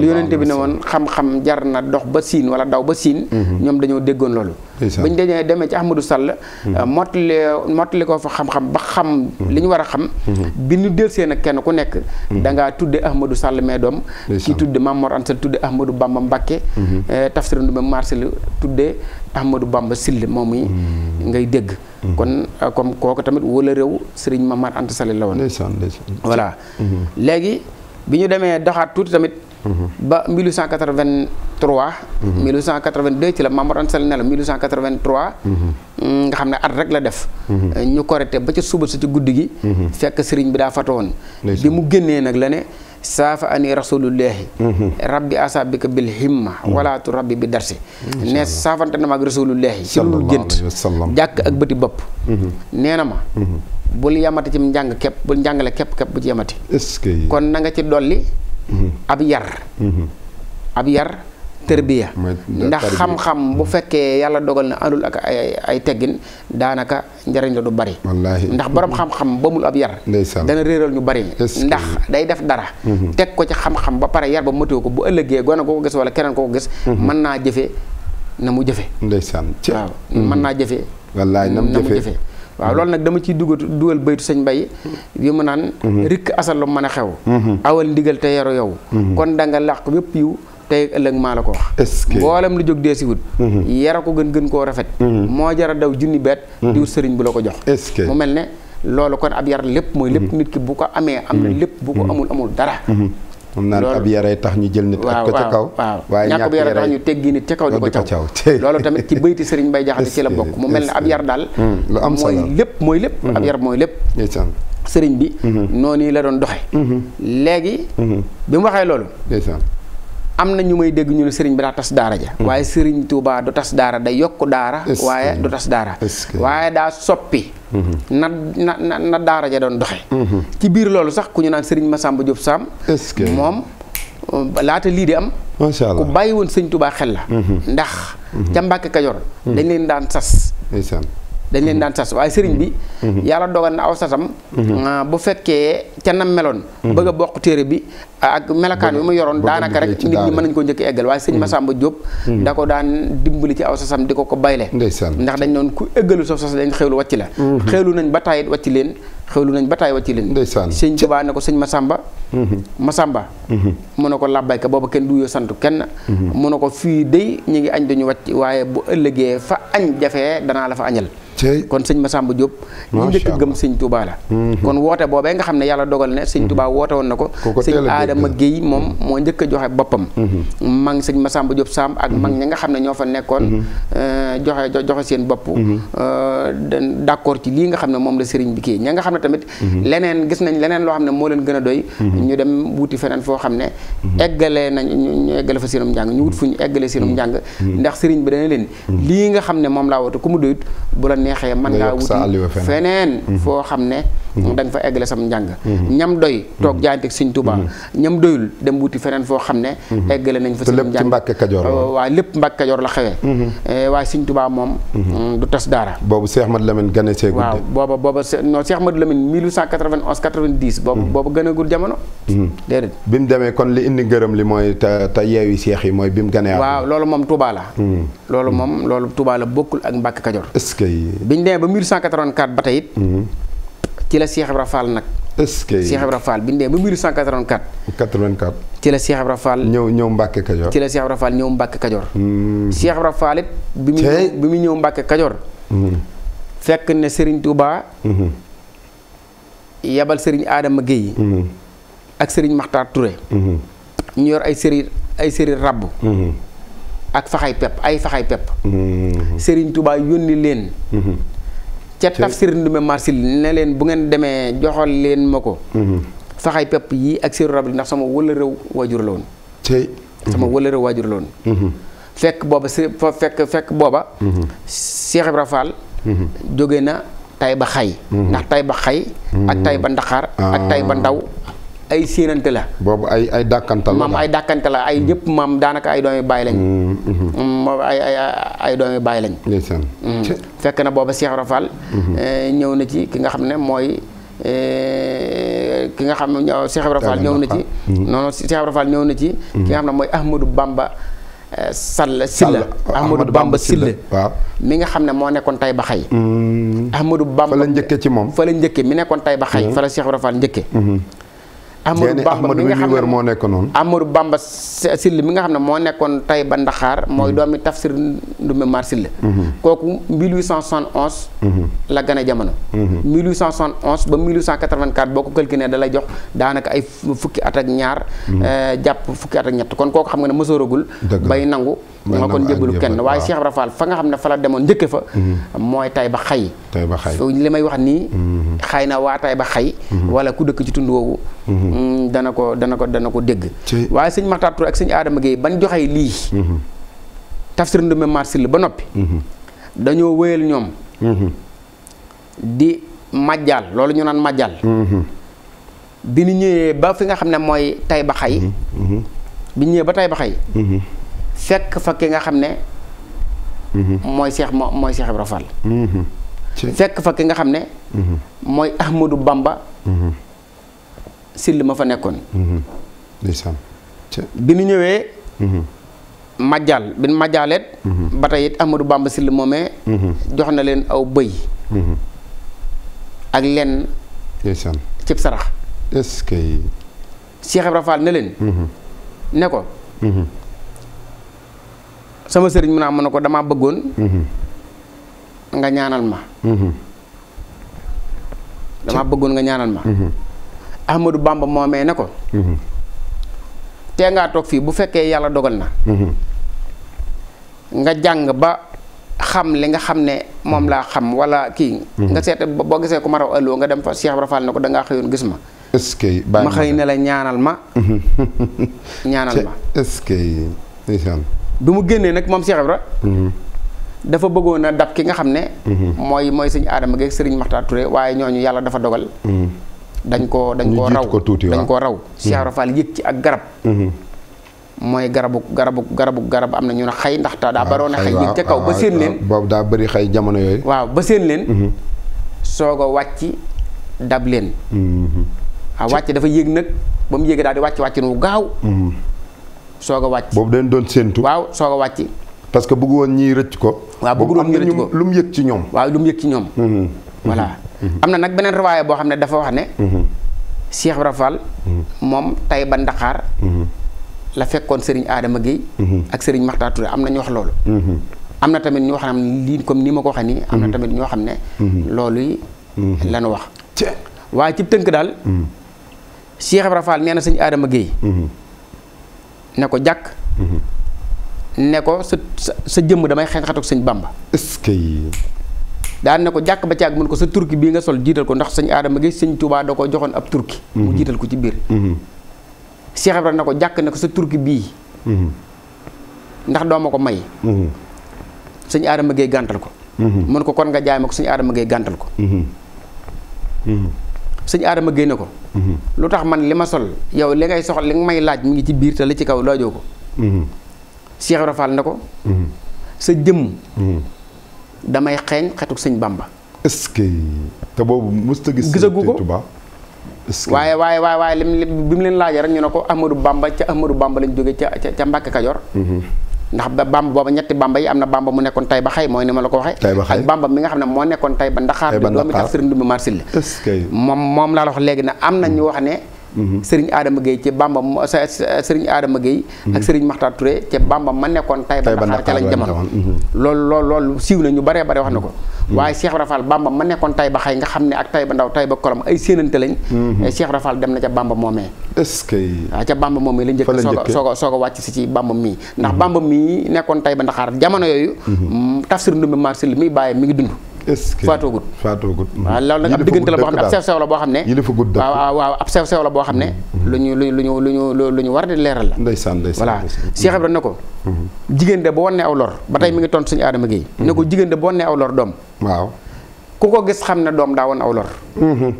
li yónnante bi ne woon xam-xam jar na dox ba siin wala daw ba siin. ñoom dañoo déggoon loolu. bañ dañee demee ci Ahmadou Sall hmm. euh, mottali mottali ko fa xam-xam ba xam hmm. li ñu war a xam hmm. bi ñu del seen kenn ku nekk dangaa ngaa tudde Ahmadou Sall mais doom kii tudde Mamor Ansal tudde Ahmadou Bamba Mbakke eh, tafsir Ndumbe Marsel tudde Ahmadou Bamba Sill moom yi ngay dégg kon comme euh, kooku tamit wala réew Serigne Mamar Anta Sall la woon voilà léegi bi ñu demee doxaat tuuti tamit ba 1883. 1882 ci la Maam Mor Anta Sali nelaw 1883. Mhm. nga xam ne at rek la def. Mhm. ñu korite ba ca suba sa ci guddi gi. Mhm. fekk sëriñ bi daa fatu woon. bi mu génnee nag la ne. saafa ani rasulullahi rabbi asaabika bil himma walaatu rabbi bi darsi ne saafante na ma ak rasulullahi ci lu gént jàkk ak bëti bopp nee na ma bul yamati ci njàng képp bul njàngale képp képp bu ci yamati kon na nga ci ab yar ab yar tërbiya ndax xam-xam bu fekkee yàlla dogal na àndul ak ay ay teggin daanaka njariñ la du bari ndax borom xam-xam ba mul ab yar dana réeral ñu bari ndax day def dara mhm. teg ko ci xam-xam ba pare yar ba mëtewu ko bu ëllëgee gone ko ko gis wala keneen koo ko gis mhm. mën naa jëfe na mu jëfe ndeysaan waaw mën naa jëfe wallaay na mu jëfe waaw loolu nag dama ciy dugatu dugal baytu sëñ Mbay yu mu naan mhm. rikk asal lu mën a xew mhm. awal ndigal te yaru yow mhm. kon da nga làq yépp yiw tey ëllëg maa la ko wax mboolem lu jóg dee si wut yara ko gën gën koo rafet moo jara daw junni beet di wut sëriñ bu la ko jox mu mel ne loolu kon ab yar lépp mooy lépp nit ki bu ko amee am na lépp bu ko amul amul dara moom naan ab yaray tax ñu jël nit ak ko ca kaw waaw waaye ñàkk yara tax ñu teggi nit ca kaw di ko caw loolu tamit ci bëyti sëriñ Mbay Jaxate ci la bokk mu mel ne ab yar daal hmm, lu am solo mooy lépp mooy lépp hmm. yar mooy lépp sëriñ bi hmm. noonu la doon doxe léegi bi mu waxee loolu am na ñu may dégg ñu ne sëriñ bi daa tas daara ja hmm. waaye sëriñ Touba du tas daara day yokk daara waaye du tas daara waaye daa soppi hmm. na na na daara ja doon doxe hmm. ci biir loolu sax ku ñu naan sëriñ ma Massamba Diop Sam moom euh, laata lii di am macha ku bàyyi woon sëñ tubaa xel la ndax ca Mbàkke Kajoor dañ leen daan sas dañ leen daan sas waaye sëriñ bi mhm. yàlla dogal na aw sasam mhm. ah, bu fekkee ca nam meloon mhm. bëgg a bokk téere bi ak melakaan bi mu yoroon daanaka rek nit ñi mën nañ ko njëkk eggal waaye sëñ Massamba Diop da ko daan dimbali ci aw sasam di ko ko bayle ndax dañ doon ku ëggalu sa sas dañ xewlu wàcc la xewlu nañ ba tàyyit wàcc leen xewlu nañ ba tàyyi wàcc leen sëñ Tuubaa ne ko sëñ Massamba Massamba mu ne ko labbayka booba kenn du yoo sant kenn mu ne ko fii day ñu ngi añ dañu wàcc waaye bu ëllëgee fa añ jafee danaa la fa añal kon sëñ Massamba Diop ñi njëkk gëm sëñ Touba la mm-hmm. kon woote boobee nga xam ne yàlla dogal ne sëñ Touba mm-hmm. woote woon na ko sëñ Adama Guèye moom mm-hmm. moo njëkk a joxe boppam mag sëñ Massamba Diop Samb ak man ñi nga xam ne ñoo fa nekkoon euh, joxe joxe seen bopp euh, d'accord ci lii nga xam ne moom la sëriñ bi kii ña nga xam ne tamit leneen gis nañ leneen loo xam ne moo leen gën a doy ñu dem wuti feneen foo xam ne eggalee nañ ñu eggale fa seenum njàng fu ñu eggalee seenum njàng moom laa woote ku mu doyut bu la neexee mën ngaa wuti feneen mhm. foo xam ne Mm-hmm. da nga fa eggale sam njàng mm-hmm. ñam doy toog mm-hmm. jaayante ak Sëñ Tuubaa ñam doyul dem wuti feneen foo xam ne eggale nañ fa seen njàng euh, waaw lépp Mbàkke Kajoor la xewee eh, waaye Sëñ Tuubaa moom mm, du tas daara boobu Cheikh Ahmadou Lamine gane seegul waaw booba booba se seex non Cheikh Ahmadou Lamine 1891 90 boobu boobu gënagul jamono déedéet bi mu demee kon li indi ngërëm li mooy te te yeewi seex yi mooy bi mu ganee waaw loolu moom Tuubaa la loolu moom loolu Tuubaa la bokkul ak Mbàkke Kajoor est-ce que biñ demee ba 1884 ba tey ci la Cheikh Ibra nag. est rafaal que Cheikh Ibra Fall bi ñu nee ba 1884. ci la Cheikh Ibra ñëw ñëw Mbacke Kajoor. ci la Cheikh Ibra Fall ñëw mbàkke Kajoor. Hmm. Cheikh Ibra bi mu ñëw bi mu ñëw Mbacke Kajoor. Hmm. fekk ne Serigne Touba. Hmm. yebal Serigne aadama Guèye. ak sëriñ Makhtar Touré. ñu yor ay séri ay séri rabb. ak faxay pepp ay faxay pepp. Serigne Touba yónni leen. ca tafsir ndume marsil ne leen bu ngeen demee joxoon leen ma ko mm-hmm. faxay pepp yii ak séeru rab li ndax sama wala réew waajur la woon tey sama mm-hmm. wala réew waajur la woon mm-hmm. fekk booba fekk fekk booba Cheikh Ibra Fall jóge na tay ba xay ndax tay ba xay ak tay ba ndaxaar ak ah. tay ba ndaw ay séenante la. boobu ay ay dàkkantal la maam ay dàkkantal la ay mm. ñëpp maam daanaka ay doomi bàyyi lañ. moom mm, mm-hmm. mm, ay ay lañ. ndeysaan. fekk na booba Cheikh Rafal. ñëw na ci ki xam ne mooy. ki nga xam ne Cheikh Ibra Fall na ci noonu Cheikh ñëw na ci ki nga xam ne mooy Ahmadou Bamba eh, Sall Silla ah, Ahmadou Bamba Silla waaw mi nga xam ne moo nekkoon tay ba xay mm-hmm. Ahmadou Bamba fa la njëkke ci moom fa la njëkke mi nekkoon tay ba xay mm-hmm. fa la Cheikh njëkke Amadou Bamba mi nga moo nekk noonu Amadou Bamba Syll mi nga xam ne moo nekkoon tey ba Ndaxaar mooy mm-hmm. doomi Tafsir Ndoumbé Mar Syll mm-hmm. kooku 1871 mm-hmm. la gane jamono 1871 ba 1884 boo ko calculé da lay jox daanaka ay fukki at ak ñaar euh, jàpp fukki at ak ñett kon kooku xam nga ne mësooragul bay nangu ma kon jébbalu kenn waaye Cheikh Ibra Fall fa nga xam ne fa la demoon njëkke fa mhm. mooy tay ba xay li may wax nii mhm. xay na waa tay ba xay mhm. wala ku dëkk ci tund woowu mm, dana ko dana ko dana ko dégg waaye sëñ Makhtar Touré ak sëñ Adama Gueye ban joxee lii tafsir Ndoumbé Mar Syll ba noppi dañoo wéyal ñoom di majjal loolu ñu naan majjal bi ñu ñëwee ba fi nga xam ne mooy tay ba xay bi ñëwee ba tay ba xay fekk fa ki nga xam ne. Mhm. mooy Cheikh moo mooy Cheikh Ibra Fall. Mhm. fekk fa ki nga xam ne. Mhm. mooy Ahmadou Bamba. sill ma fa nekkoon. ndeysaan. bi nu ñëwee. majjal bi nu majjaaleet. ba tey it Ahmadou Bamba sill moomee. jox na leen aw bëy. ak lenn. ndeysaan cib sarax. est-ce que. leen. ne ko. sama serigne mu naa mu ne ko damaa mhm. mhm. bëggoon nga ñaanal ma dama bëggoon nga ñaanal ma Ahmadou Bamba momé ne ko mhm. té nga tok fi bu féké yalla dogal na nga jang ba xam li nga xam ne moom laa xam wala ki nga seet bo gisé ko maraw allo nga dem fa Cheikh rafal Fall ne ko dangaa gis ma eske ba ma xey la ñaanal ma ñaanal ma eske bi mu génnee nag moom Cheikh Ibra mhm. dafa bëggoon a dab ki nga xam ne mhm. mooy mooy sëñ Adama Gueye sëriñ Makhtar Touré waaye ñooñu yàlla dafa dogal mhm. dañ koo dañ ko raw dañ koo raw Cheikh Ibra Fall yëg ci ak garab mooy garabu garabu garabu garab am na ñu ne xay ndax daa ah, baroon a xay yëg ca kaw ba ah, seen leen boobu daa bari xay jamono yooyu waaw ba seen leen soog a wàcc dab leen waaw wàcc dafa yëg nag ba mu yëgee daal di wàcc wàccin wu gaaw soog wàcc. boobu dañ doon séentu. waaw soog a wàcc. parce que bëggu woon ñii rëcc ko. waa bëggu woon ñiy rëcc ko lu mu yëg ci ñoom. waaw lu mu yëg ci ñoom. Mm-hmm. Mm-hmm. voilà mm-hmm. am na nag beneen riwaaya boo xam ne dafa wax ne. Cheikh Ibra moom tay ba Ndaxaar. la fekkoon sëriñ aadama Guèye. ak Serigne Makhtar am na ñu wax loolu. am na tamit ñoo xam ne lii comme ni ma ko waxee nii. am na tamit ñoo xam ne. loolu la ñu wax. waaye ci tënk daal. Cheikh Ibra Fall nee na sëñ Adama Guèye. ne ko jàkk mhm. ne ko sa sa jëmm damay xeexatuk sëñ bàmba est-ce daan ne ko jàkk ba caag mun ko sa turki bii nga sol jiital ko ndax sëñ aadama gi sëñ tubaa da ko joxoon ab turki mu mhm. jiital ko ci biir mhm. Cheikh Ibrahima ne ko jàkk ne ko sa turki bii ndax doo ma ko may sëñ aadama gay gàntal ko mun ko kon nga jaay ma ko sëñ aadama gay gàntal ko sëñ aadama génne ko mhm. lu tax man li ma sol yow li ngay soxla li nga may laaj mu ngi ci biir te la ci kaw laajoo ko mhm. Cheikh Ibra na ko mhm. sa jëmm damay xeeñ xetuk sëñ Bamba est-ce que te boobu mosut a gis gisagu ko waaye waaye waaye waaye lim bi mu leen laajee rek ñu ne ko Ahmadou Bamba ca Ahmadou Bamba lañ jóge ca ca Mbàkke Kajoor ndax bamba booba ñetti bamba yi am na bamba mu nekkoon Taïba Xay mooy ni ma la ko waxee ak bamba mi nga xam ne moo nekkoon Taïba Ndaxaar bi doomi tax sëriñ Ndumbe Mar Silla moom moom laa la wax léegi na am na ñu wax ne mm-hmm. sëriñ Adama Gueye ci bamba sëriñ Adama Gueye mm-hmm. ak sëriñ Maxtaar Touré ci bamba ma nekkoon Taïba Ndaxaar ca lañ jamono lool lool lool siiw na ñu baree bare wax na ko Mm-hmm. waaye Cheikh Ibra Fall ma nekkoon Taïba xay nga xam ne ak Taïba ndaw Taïba kolom ay séenante lañ mm-hmm. eh, Cheikh Ibra Fall dem na ca Bamba moomee est que waaw ah, ca Bamba moomee la njëkk soog a soog a soog a wàcc si ci Bamba mii ndax mm-hmm. Bamba mii nekkoon Taïba Ndaxaar jamono yooyu tafsir ndumbi marsil mi bàyyee mi ngi dund est-ce que faatoogut faatoogut waaw loolu nag ab diggante la boo xam ne ab sew sew la boo xam ne waaw waaw ab sew sew la boo xam ne lu ñu lu ñu lu ñu lu ñu war di leeral la ndeysaan ndeysaan voilà Cheikh Ibrahima ne ko mm-hmm. jigéen de boo wonnee aw lor ba tey mi ngi tontu suñu aadama gi ne ko mm-hmm. jigéen de boo wonnee aw lor doom waaw ku ko gis xam ne doom daa won aw lor mm-hmm.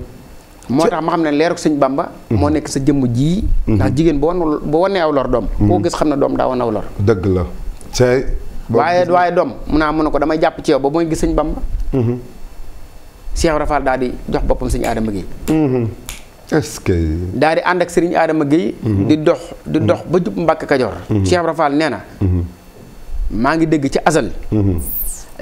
moo tax ma xam ne leeruk sëñ Bamba moo nekk sa jëmm jii ndax jigéen boo won boo wonnee aw lor doom ku ko gis xam ne doom daa won aw lor dëgg la waaye waaye doom mun naa mun na ko damay jàpp ci ba mooy gis sëñ Bamba. Mhm. Cheikh Rafal daal di jox boppam sëñ Adama Guèye. Mhm. est di ànd ak sëriñ Adama Guèye. Mhm. di dox di dox ba jub Mbàkke Kajoor. Cheikh Rafal nee na. maa ngi dégg ci asal.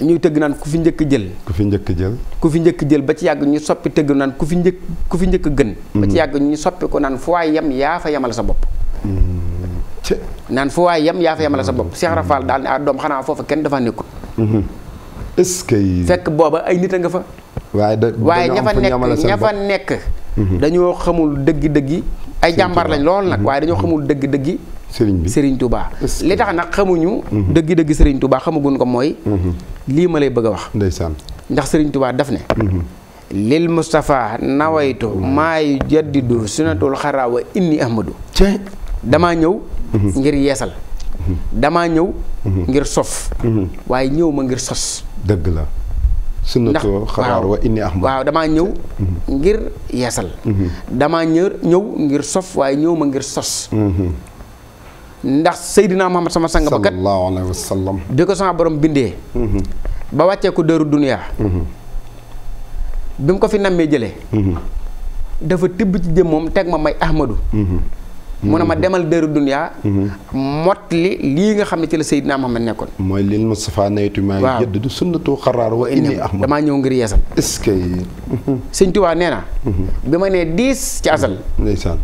ñuy tëgg naan ku fi njëkk jël. ku fi njëkk jël. ku fi njëkk jël ba ci yàgg ñu soppi tëgg naan ku fi njëkk ku fi njëkk gën. ba ci yàgg ñu soppi ko naan fu waay yem yaa fa yemal sa bopp. naan fu waay yem yaa fa yemale sa bopp Cheikh Rafal daal ne ah doom xanaa foofa kenn dafa nekkul. Mhm. fekk booba ay nit a nga fa. waaye da waaye ña fa nekk ña fa nekk. Mhm. dañoo xamul dëgg-dëgg. ay jàmbaar lañ lool nag mhm. waaye dañoo xamul dëgg-dëgg. sëriñ bi sëriñ Touba. li tax nag xamuñu. dëgg-dëgg sëriñ Touba xamaguñ ko mooy. lii ma lay bëgg a wax. ndeysaan ndax sëriñ Touba daf ne. lil Moustapha nawaytu maayu jaddidu sunatul xaraa wa inni ahmadu. damaa ñëw. ngir yeesal damaa ñëw ngir sof waaye ñëw ma ngir sos dëgg la sunnatoo xabaar wa inni ahmad waaw damaa ñëw ngir yeesal damaa ñëw ñëw ngir sof waaye ñëw ma ngir sos ndax Seydina Muhammad sama sang ba kat bi ko sama borom bindee ba wàccee ko dëru duniyaa bi mu ko fi nammee jëlee dafa tibb ci jëm moom teg ma may ahmadu mu ne ma demal dëru duniyaa mot li lii nga xam ne ci la naa Seydina Muhammad nekkoon mooy lil Mustafa naytu maa yëdd du sunnatu xaraar wa inni ahmad damaa ñëw ngir yeesal est-ce que sëñ Tuubaa nee na bi ma nee diis ci asal ndeysaan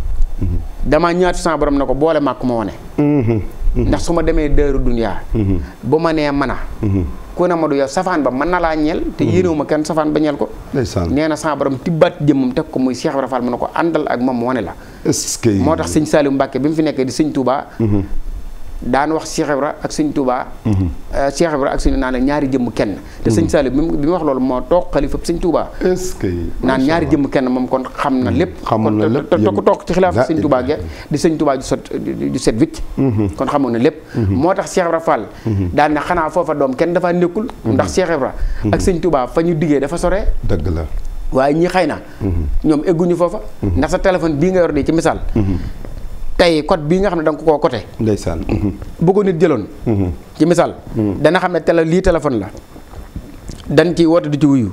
damaa ñaatu sama ne ko boole màkk ma wane mm-hmm. ndax su ma demee dëru duniyaa mhm. bu ma nee mana mhm. ku ne ma du yow safaan ba mën na laa ñeel te mhm. yéenewu ma kenn safaan ba ñeel ko nee na sa borom tibbaat jëmmam teg ko muy Cheikh Ibra mu ne ko àndal ak moom wane la moo tax sëñ Saliou Mbacke bi mu fi nekkee di sëñ Touba daan wax Cheikh Ibra ak sëñ Touba. Mhm. Euh, Cheikh Ibra ak sëñ naan la ñaari jëmm kenn. te sëñ Saliou bi mu wax loolu moo toog xalifa sëñ Touba. naan ñaari jëmm kenn moom kon xam na lépp. Mhm. xam na lépp te ku toog ci xilaafu sëñ Touba ge di sëñ Touba sot ju set wicc. Mhm. kon xamoon na lépp. moo tax Cheikh Ibra Fall. daan na xanaa foofa doom kenn dafaa nekkul. ndax Cheikh Ibra. ak sañ Touba fa ñu diggee dafa sore. dëgg la. waaye ñii xëy na ñoom egguñu foofa ndax sa téléphone bii nga yor de ci misaal tey code bii nga xam ne da ko koo côté. ndeysaan. Mhm. Mhm. bu ko nit jëloon. Mhm. ci misaal. dana xam ne tele lii téléphone la dañ ci woote du ci wuyu.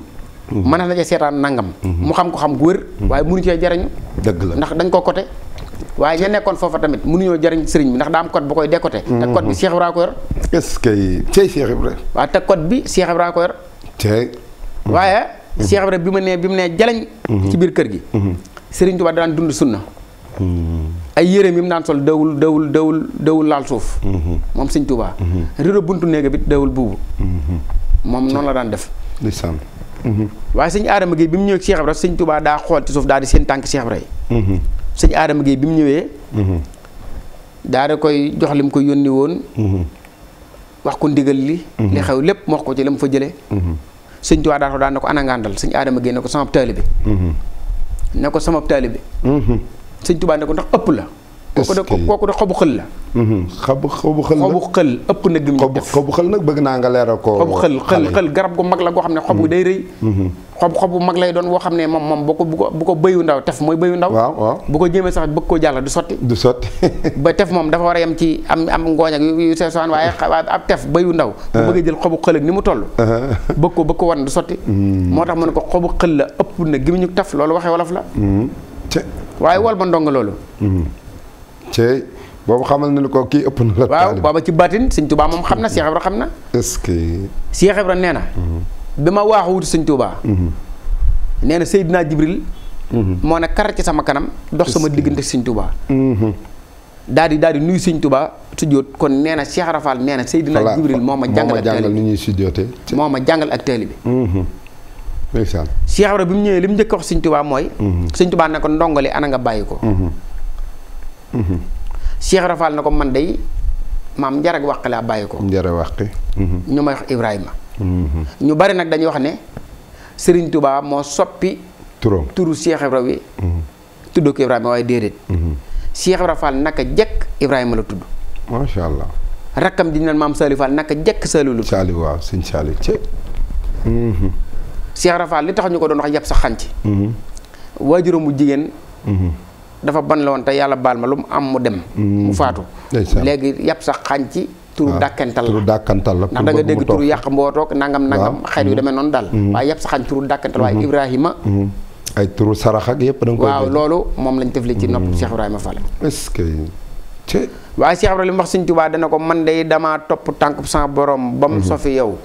mën na ca seetaan nangam. mu xam ko xam gu wër. waaye mënu cee jariñu. dëgg la ndax dañ ko côté. waaye ña nekkoon foofa tamit mënuñoo jariñ sëriñ bi ndax daa am code bu koy décoté. te code bi Cheikh Ibra ko te code bi Cheikh Ibra ko waaye Cheikh Ibra bi ma nee bi mu nee jaleñ. ci biir kër gi. sëriñ Tuubaa daan dund sunna ay yéreem yi mu daan sol dawul dawul dawul dawul laal suuf. Mhm. moom sëñ Tuubaa. Mhm. rido buntu néega bi dawul buubu. Mhm. moom noonu la daan def. ndeysaan. waaye sëñ Adama Gueye bi mu ñëwee Cheikh Ibra sëñ Tuubaa daa xool ci suuf daal di seen tànk Cheikh Ibra sañ sëñ Adama Gueye bi mu ñëwee. daa da koy jox li mu ko yónni woon. wax ko ndigal li. li xew lépp wax ko ci la mu fa jëlee. sëñ Tuubaa daa ko daan na ko anangandal sëñ Adama Gueye ne ko sama taalibe bi. ne ko sama taalibe sëñ Tuubaa ne ko ndax ëpp la. ko de ko de xobu xël la. Mm-hmm. xobu xobu xël la xobu xël ëpp na gëm. xobu xobu xël nag bëgg naa nga leeral ko. xobu xël xël xël garab gu mag la goo xam ne xob gi mm-hmm. day rëy. Mm-hmm. xob xobu mag lay doon boo xam ne moom moom bu ko bu ko bu ko bëyu ndaw mooy bëyu ndaw. waaw waaw ko jéemee sax bëgg koo jàll du sotti. du sotti ba tef moom dafa war a yem ci am am ngooñ ak yu see soxan waaye uh-huh. ab tef bëyu ndaw. bu bëggee uh-huh. jël xobu xël ak ni mu toll. Uh-huh. bëgg ko bëgg ko sotti. Mm. moo tax mu ko xobu xël la ëpp na gëm ñu taf loolu waxee wolof la mm. waaye wal ba ndongo loolu. cey boobu xamal na ni ko kii ëpp na la. waaw booba ci baatin sëñ Touba moom xam na Cheikh Ibra xam na. est-ce que. Cheikh Ibra nee na. Mhm. bi ma mhm. nee na Seydina Jibril. Mhm. moo ne kar ci sama kanam dox sama diggante sëñ Touba. daal di daal di nuyu sëñ Touba sujjóot kon nee na Cheikh Rafal nee na Seydina Jibril moo ma jàngal ak taali bi moo ma jàngal ma jàngal ak taali Cheikh Ibra bi mu ñëwee li wax seigne touba moy mhm. seigne touba nako ndongalé ana nga bayiko mhm. mhm. Cheikh rafal nako man day mam jarag wax la bayiko ndere njara wàq. ñu may wax Ibrahima. ñu bari nak dañuy wax né seigne Touba mo soppi. turu turu Cheikh Ibra wi. tudd ko Ibrahima way déedéet. Cheikh rafal Fall naka jekk Ibrahima la tuddu ma sha allah. rakam di ñaan mam salifal Fall naka jekk Saliou la tudd. Saliou ci. Cheikh Rafaal li tax ñuko doon wax yeb sa xànc mhm. mu jigen hmm dafa ban la te yalla bal ma lu am mu dem mhm. mu faatu léegi yeb sa xànc turu ah, dakantal turu dakantal la nga deg turu yàq mbootoog nangam nangam xel yu ondal non dal wa yeb sa xànc turu dakantal wa mhm. Ibrahima ay turu sarax ak yeb dang ko koy waaw loolu moom lañ tëfli ci nopp Cheikh Ibrahima Fall est-ce que wa Cheikh Ibrahima wax touba dana man day dama top tank borom bam sofi yow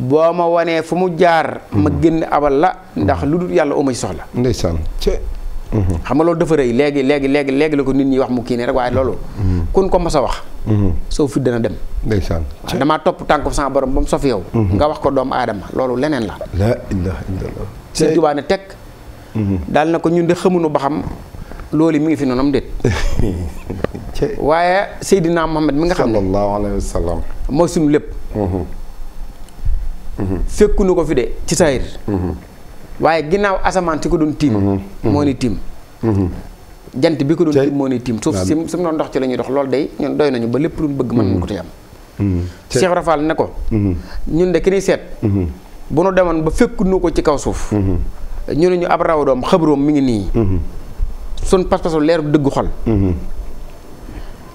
boo ma wanee fu mu jaar ma hmm. génn abal la hmm. ndax lu dul yàlla uma ci soxla ndeysaan hmm. xam nga loolu dafa rëy léegi léegi léegi léegi la ko nit ñi wax mu kii ne rek waaye loolu kun ko mas a wax soo fit dana dem ndeysaan damaa topp tànk sama borom ba mu sof yow nga wax ko doomu aadama loolu leneen la laa ilaaha illallaah sëñ Tuubaa ne teg daal na ko ñun de xamunu ba xam loolu mi ngi fi noonam déet waaye Seydina Muhammad mi nga xam ne sallallahu alayhi wa sallam mooy suñu lépp fekkunu ko fi de ci saayir waaye ginnaaw asamaan si ko doon tiim mhm. Mhm. moo ni tiim mhm. jant bi ko doon tiim moo ni tiim suuf si mu doon dox ci la ñuy dox lool day ñun doy nañu ba lépp lu ñu bëgg mën nañu ko ci am Cheikh Rafal ne ko ñun de ki ni seet bu nu demoon ba fekkunu ko ci kaw suuf ñu ne ñu ab raw doom xabroom mi ngi nii sun pas-pasu leer dëggu xol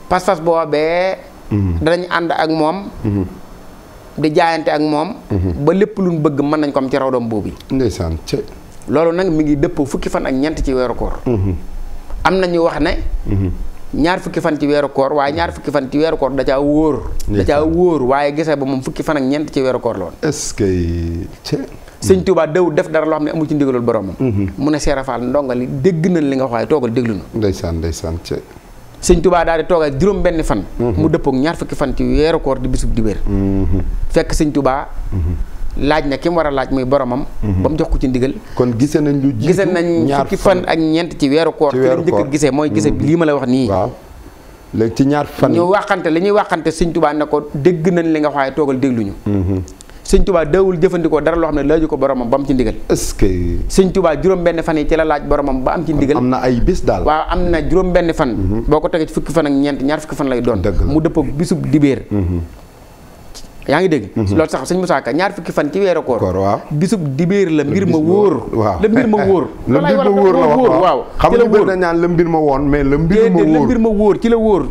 pas-pas boobee danañ ànd ak moom di jaayante ak moom. Mhm. ba lépp lu ñu bëgg mën nañ koom ci raw doom boobu. ndeysaan loolu nag mi ngi dëpp fukki fan ak ñeent ci weeru koor. Mhm. am na ñu wax ne. Mhm. ñaar fukki fan ci weeru koor waaye ñaar fukki fan ci weeru koor da caa wóor. da caa wóor waaye gisee ba moom fukki fan ak ñeent ci weeru koor la woon. est-ce que. sëñ def dara loo xam ne amul ci ndigalul boromam. mu ne Serapha Ndonga li dégg nañ li nga wax waaye toogal déglu na. ndeysaan ndeysaan sëñ tubaa daal di toogaat juróom benn fan mhm. mu dëppook ñaar fukki fan ci weeru koor di bisub dibéer mhm. fekk sëñ tubaa mhm. laaj na ki mu war a laaj muy boromam ba mu jox ko ci ndigal kon gise nañ lu jiitu gise nañ fukki fan ak ñeent ci weeru koor ci lañ njëkk gisee mooy gise lii ma la wax nii waaw léegi ci ñaar fan ñu waxante li ñuy waxante sëñ tubaa ne ko dégg nañ li nga xaaye toogal dégluñu sëñ tubaa daawul jëfandikoo dara loo xam ne laaju ko boromam ba am ci ndigal est-ce que tubaa juróom-benn fan yi ci la laaj boromam ba am ci ndigal am na ay bis daal waaw am na juróom-benn fan mhm. boo ko tegee ci fukki fan ak ñeent ñaar fukki fan lay doon mu dëpp bisub dibéer mhm. yaa ngi dégg mhm. loolu sax sëñ Moussa Ka ñaar fukki fan ci weeru koor waaw bisub dibéer la mbir ma wóor waaw la mbir ma wóor la mbir ma wóor la wóor waaw xam nga wóor na ñaan la mbir ma woon mais la mbir ma wóor mbir ma wóor ci la wóor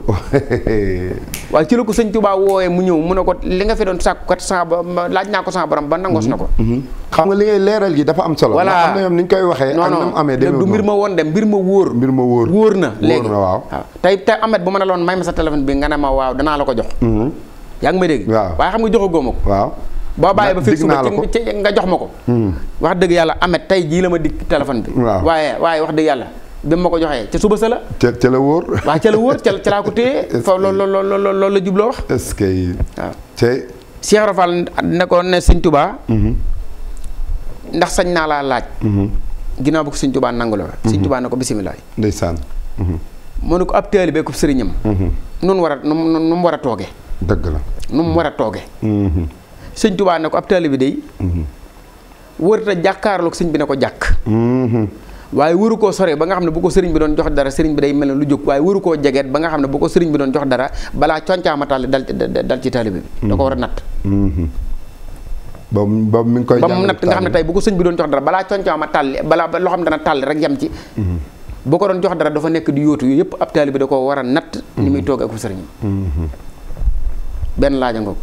waaw ci la ko sëñ Touba wooye mu ñëw mu ne ko li nga fi doon sàkku kat sa laaj naa ko sa borom ba nangos na ko mhm. Mhm. xam nga li ngay leeral gi dafa am solo voilà xam na ñoom ni ñu koy waxee amee du mbir ma woon de mbir ma wóor mbir ma wóor wóor na léegi waaw tey tey Ahmed bu ma ne loon may ma sa téléphone bi nga ne ma waaw danaa la ko jox yaa ngi may dégg. waaw waaye xam nga joxagoo ma ko. boo bàyyi ba fii suba ci nga jox ma ko. Hmm. wax dëgg yàlla amet tey jii la ma dikk téléphone bi. waaw waaye waaye wax dëgg yàlla. bi ma ko joxee ca suba sa la. ca ca la wóor. waaw ca la wóor ca lool la jubloo wax. est-ce que ne ko ne Sëñ Tuubaa. Mm-hmm. ndax sañ naa laa laaj. Mm-hmm. ginnaaw ba ko Sëñ Tuubaa nangu la. Sëñ mm-hmm. Tuubaa ne ko bisimilah. ndeysaan. mu ne ko ab taalibe ko sëriñam. nun war a mu war a toogee. dëgg la nu mu war a tooge mm-hmm. sëñ tubaa ne ko ab taalibe bi day mm-hmm. wërta jàkkaarloog sëñ bi ne ko jàkk mm-hmm. waaye waru koo sore ba nga xam ne bu ko sëriñ bi doon jox dara sëriñ bi day mel ne lu jóg waaye waru koo jegeet ba nga ne bu ko sëriñ bi doon jox dara balaa concaama taal dal ci taalibe bi da ko war a natt ba mu ngi koy ba mu xam ne tey bu ko sëñ bi doon jox dara balaa concaama tàlli balaa loo xam ne dana tàlli rek yem ci bu ko doon jox dara dafa nekk di yóotu yëpp ab taalibe bi da ko war a natt ni muy toog ak sëriñ benn laaja ngoog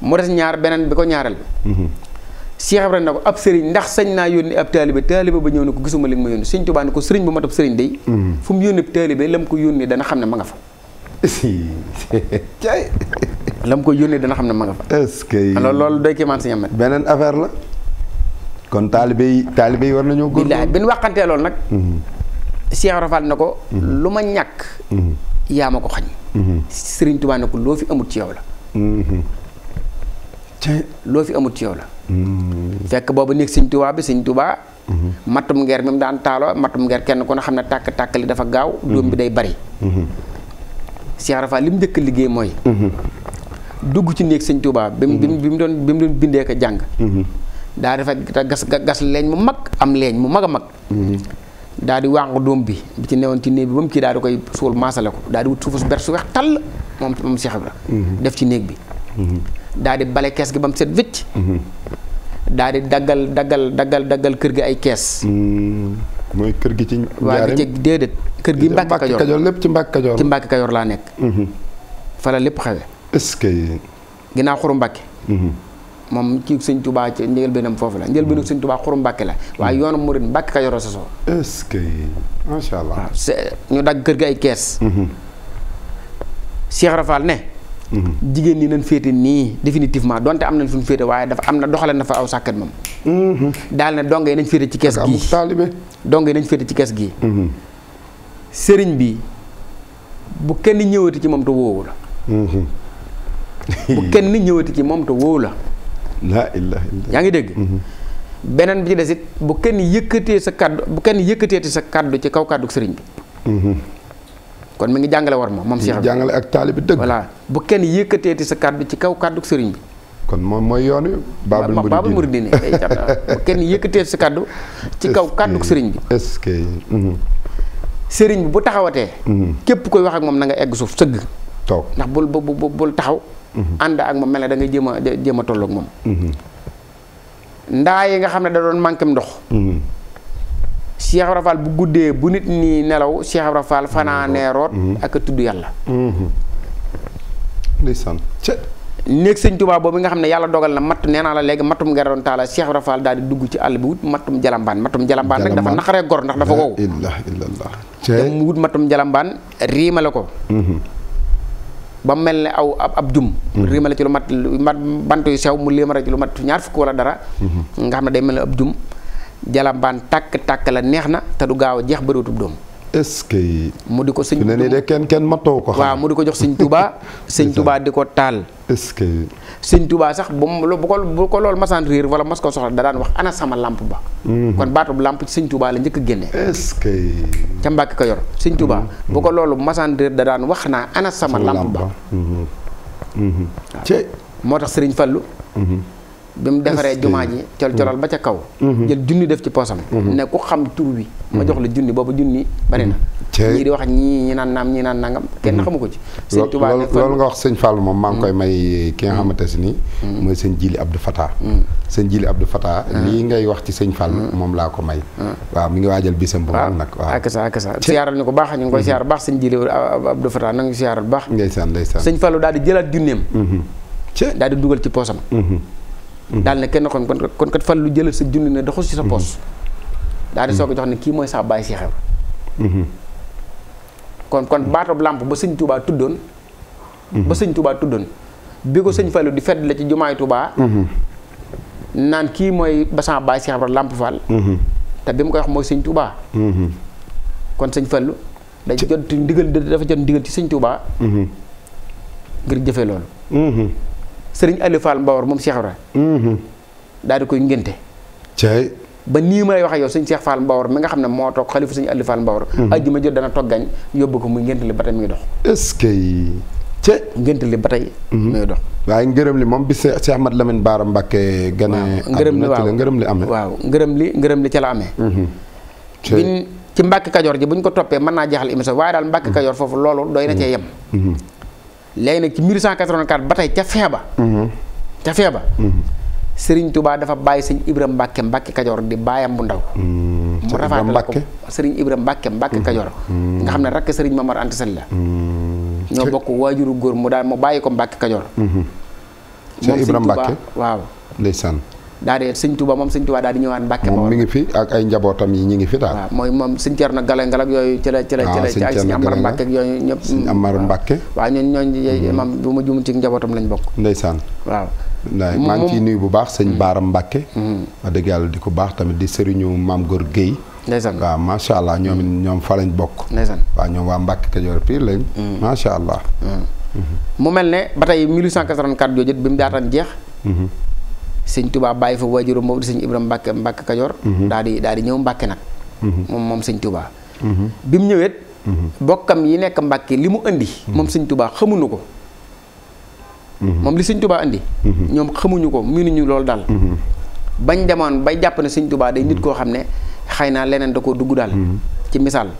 mu des ñaar beneen bi ko ñaareel bi mhm. Cheikh Ibrahima ne ko ab sëriñ ndax sañ naa yónni ab taalibe taalibe ba ñëw na ko gisuma li nga ma yónni sëñ Tuubaa ne ko sëriñ ba mat ab sëriñ day mhm. fu mu yónni ab taalibe la mu ko yónni dana xam ne nga fa la mu ko yónnee dana xam ne ma nga fa est-ce que loolu doy kéemaan si ñamet beneen affaire la kon taalibe yi taalibe yi war nañoo góor bi ñu waxantee loolu nag mhm. Cheikh na ko lu ma ñàkk yaa ma ko xañ mhm. sëriñ Tuubaa ne ko loo fi amut ci yow la mhm. fi amut la mhm. fekk boobu néeg sëñ Tuubaa bi sëñ Tuubaa mattum ngeer mi mu daan taaloo mattum ngeer kenn ku ne xam ne tàkk tàkk li dafa gaaw doom bi day bari Cheikh Rafa li mu njëkk liggéey mooy dugg ci néeg sëñ Tuubaa bi mu bi mu doon bi mu doon bindee ko jàng daa dafa gas gas leeñ mu mag am leeñ mu mag a mag daal di wànq doom bi bi ci newoon ci néeg bi ba mu kii daal di koy suul maasale ko daa di wut suufu ber su weex tàll moom moom Cheikh la mhm. def ci néeg bi mhm. daal di bale kees gi ba mu set wécc mhm. daal di daggal daggal daggal daggal kër gi ay kees mooy kër gi ci waaw ci déedéet kër gi Mbàkke Kajoor lépp ci Mbàkke Kajoor ci Mbàkke laa nekk fa lépp xewe est-ce que ginnaaw xuru Mbàkke moom kii sëñ Touba ci njël benam foofu la njël benam sëñ Touba xurum Mbàkke la mm. waaye yoonu murid Mbàkke ka yoro sosoo est-ce que ñu dagg kër gi ay kees mm-hmm. Cheikh Rafal ne mm-hmm. jigéen ñi nañ féete nii définitivement donte am nañ fu ñu féete waaye dafa am na doxale na fa aw sàkket moom mm-hmm. daal ne donge yi nañ féete ci kees gii taalibe donge yi nañ ci kees gii sëriñ bi bu kenn ñëwati ci moom te wóowu la bu kenn ñëwati ci moom te woowu la la ilaha illallah yaa ngi dégg mhm. beneen bi ci desit bu kenn yëkëté sa kaddu bu kenn yëkkateeti mhm. sa kaddu ci kaw kaddu sëriñ bi kon mi ngi jàngalé war mo mom Cheikh jàngalé ak taalibi deug voilà bu kenn yëkkateeti sa kaddu ci kaw kaddu sëriñ bi kon mom moy yoonu babul muridine baabul muridine bu kenn yëkkateeti sa kaddu ci kaw kaddu sëriñ bi est-ce que mhm. sëriñ bi bu taxawatee képp koy wax ak mom na nga egg suuf sëgg tok ndax bul bul bul taxaw ànd ak moom mel na da nga jéem a moom ndaa yi nga xam ne da doon manqué ndox Cheikh Ibra bu guddee bu nit ñi nelaw Cheikh Ibra Fall fanaanee mm-hmm. root mm-hmm. ak a tudd yàlla mm-hmm. ndeysaan néeg sëñ Tuubaa boobu nga xam ne yàlla dogal na matt nee naa la léegi mattum garoon taala Cheikh Ibra Fall daal di dugg ci àll bi wut mattum jalambaan jalambaan nag dafa naqaree gor ndax dafa wow ilaa ilaa mu mattum jalambaan riimale ko ba mel ne aw ab jum liimale mm-hmm. ci lu mat mat bant yu sew mu liimale ci lu mat ñaar fukk wala dara mm-hmm. nga xam ne day mel ne ab jum jalambaane tàkk tàkk la neex na te du gaaw a jeex bëriwutub doom est mu di ko sëñ ne kenn kenn mattoo ko xam mu di ko jox sëñ tubaa sëñ tubaa di ko taal est sëñ tubaa sax bu mu bu ko loolu masaan réer wala mas ko soxla da daan wax ana sama lamp ba mhm. kon baatub làmp ci sëñ tubaa la njëkk génne est-ce que ca Mbàkke sëñ tubaa mhm. bu ko loolu masaan réer da daan wax naa ana sama lamp ba mhm. moo tax sëriñ Fallu bi mu defaree jumaa ji col colal ba ca kaw mhm. jël junni def ci poosam mhm. ne ku xam tur bi ma jox la junni boobu junni bari na ñii di wax ñii ñi naan naam ñi naan nangam kenn mhm. xamu ko ci sëñ Tuubaa loolu nga wax sëñ Fallou moom maa ngi koy may eh, ki nga xamante si ni mooy sëñ Jili Abdou Fatah sëñ Jili Abdou Fatah lii ngay wax ci sëñ Fallou moom laa ko may waaw mi ngi waajal bisam bu mag nag waaw ak sa ak sa siyaaral ñu ko baax ñu ngi baax sëñ Jili Abdou Fatah nangu siyaaral baax ndeysaan ndeysaan sëñ Fallou daal di jëlaat junneem daa di dugal ci poosam daal ne kenn kon kon kat fal lu jëlal sa junni ne doxul si sa poos daal di soo ko jox ne kii mooy sa bàyyi si xew kon kon baatob làmp ba sëñ Touba tuddoon sëñ Touba tuddoon bi ko sëñ Fallou di fedd la ci jumaay Touba naan kii mooy basan baay Cheikh Ibrahima Lamp Fall te bi mu koy wax mooy sëñ Touba kon sëñ Fallou da jot ndigal dafa jot ndigal ci sëñ Touba ngir jëfe loolu sëriñ Aliou Fall Mbawar moom Cheikh Ibrahima. Mhm. daal di koy ngénte. caay. ba nii may wax ak yow sëñ Cheikh Fall Mbawar mi nga xam ne moo toog xalifa sëñ Aliou Fall Mbawar. Mhm. ajjuma jot dana toggañ yóbbu ko muy ngénte li ba tey mi ngi dox. est li ba tey. Mhm. mi waaye ngërëm li moom bi Cheikh Ahmad Lamine Baara Mbacke. gane ngërëm li waaw ngërëm li amee. waaw ngërëm li ngërëm li ca la amee. ci Mbacke Kajoor ji bu ñu ko toppee mën naa jeexal émission waaye daal Mbacke Kajoor foofu loolu dooy na cee léegi nag ci 1884 ba tey ca feeba mm-hmm. ca feeba mm-hmm. sëriñ tubaa dafa bàyyi sëñ ibra mbàkke mbàkke kajoor di baayam bu ndaw mm-hmm. mu rafaatale ko sëriñ ibra mbàkke mbàkke kajoor nga xam ne rakk sëriñ mamar anta sali la ñoo bokk waajuru góor mu daal mu bàyyi ko mbàkke kajoor moom sëriñ tubaa waaw daade seigne Touba mom seigne Touba daadi ñewaan ñëwaat mom mi ngi fi ak ay njabotam yi ñi ngi fi daal moy mom seigne sëñ Thierno Galengal ak yoy ci la ci la ah, ci la ci ay sëñ Amar ak yoy ñep sëñ Amar wa waaw ñooñ ñooñ duma bu ci njabotam lañ bok ndeysaan waaw ma ngi ci nuyu bu baax seigne mm-hmm. baram Mbàkke mm-hmm. wa deug yalla diko baax tamit di sëriñu maam Góor Guèye ndeysaan ma sha allah ñoom mm-hmm. ñoom fa lañ bokk ndeysaan waaw ñoom waa Mbàkke jor pi lañ sha allah mu melne ne 1884 jojet bimu daatan jeex sëñ Touba bàyyi fa waajuram boobu di sëñ Ibrahima Mbacke Mbacke Kajoor. Mhm. daal di daal di ñëw mbàkke nag. Mhm. moom moom sëñ Touba. Mhm. bi mu ñëweet bokkam yi nekk Mbacke li mu indi. moom sañ Touba xamuñu ko. moom li sëñ Touba indi. xamuñu ko mënuñu loolu daal. bañ demoon bay jàpp ne sëñ Touba day nit koo xam ne xëy na leneen da koo dugg daal. ci misaal.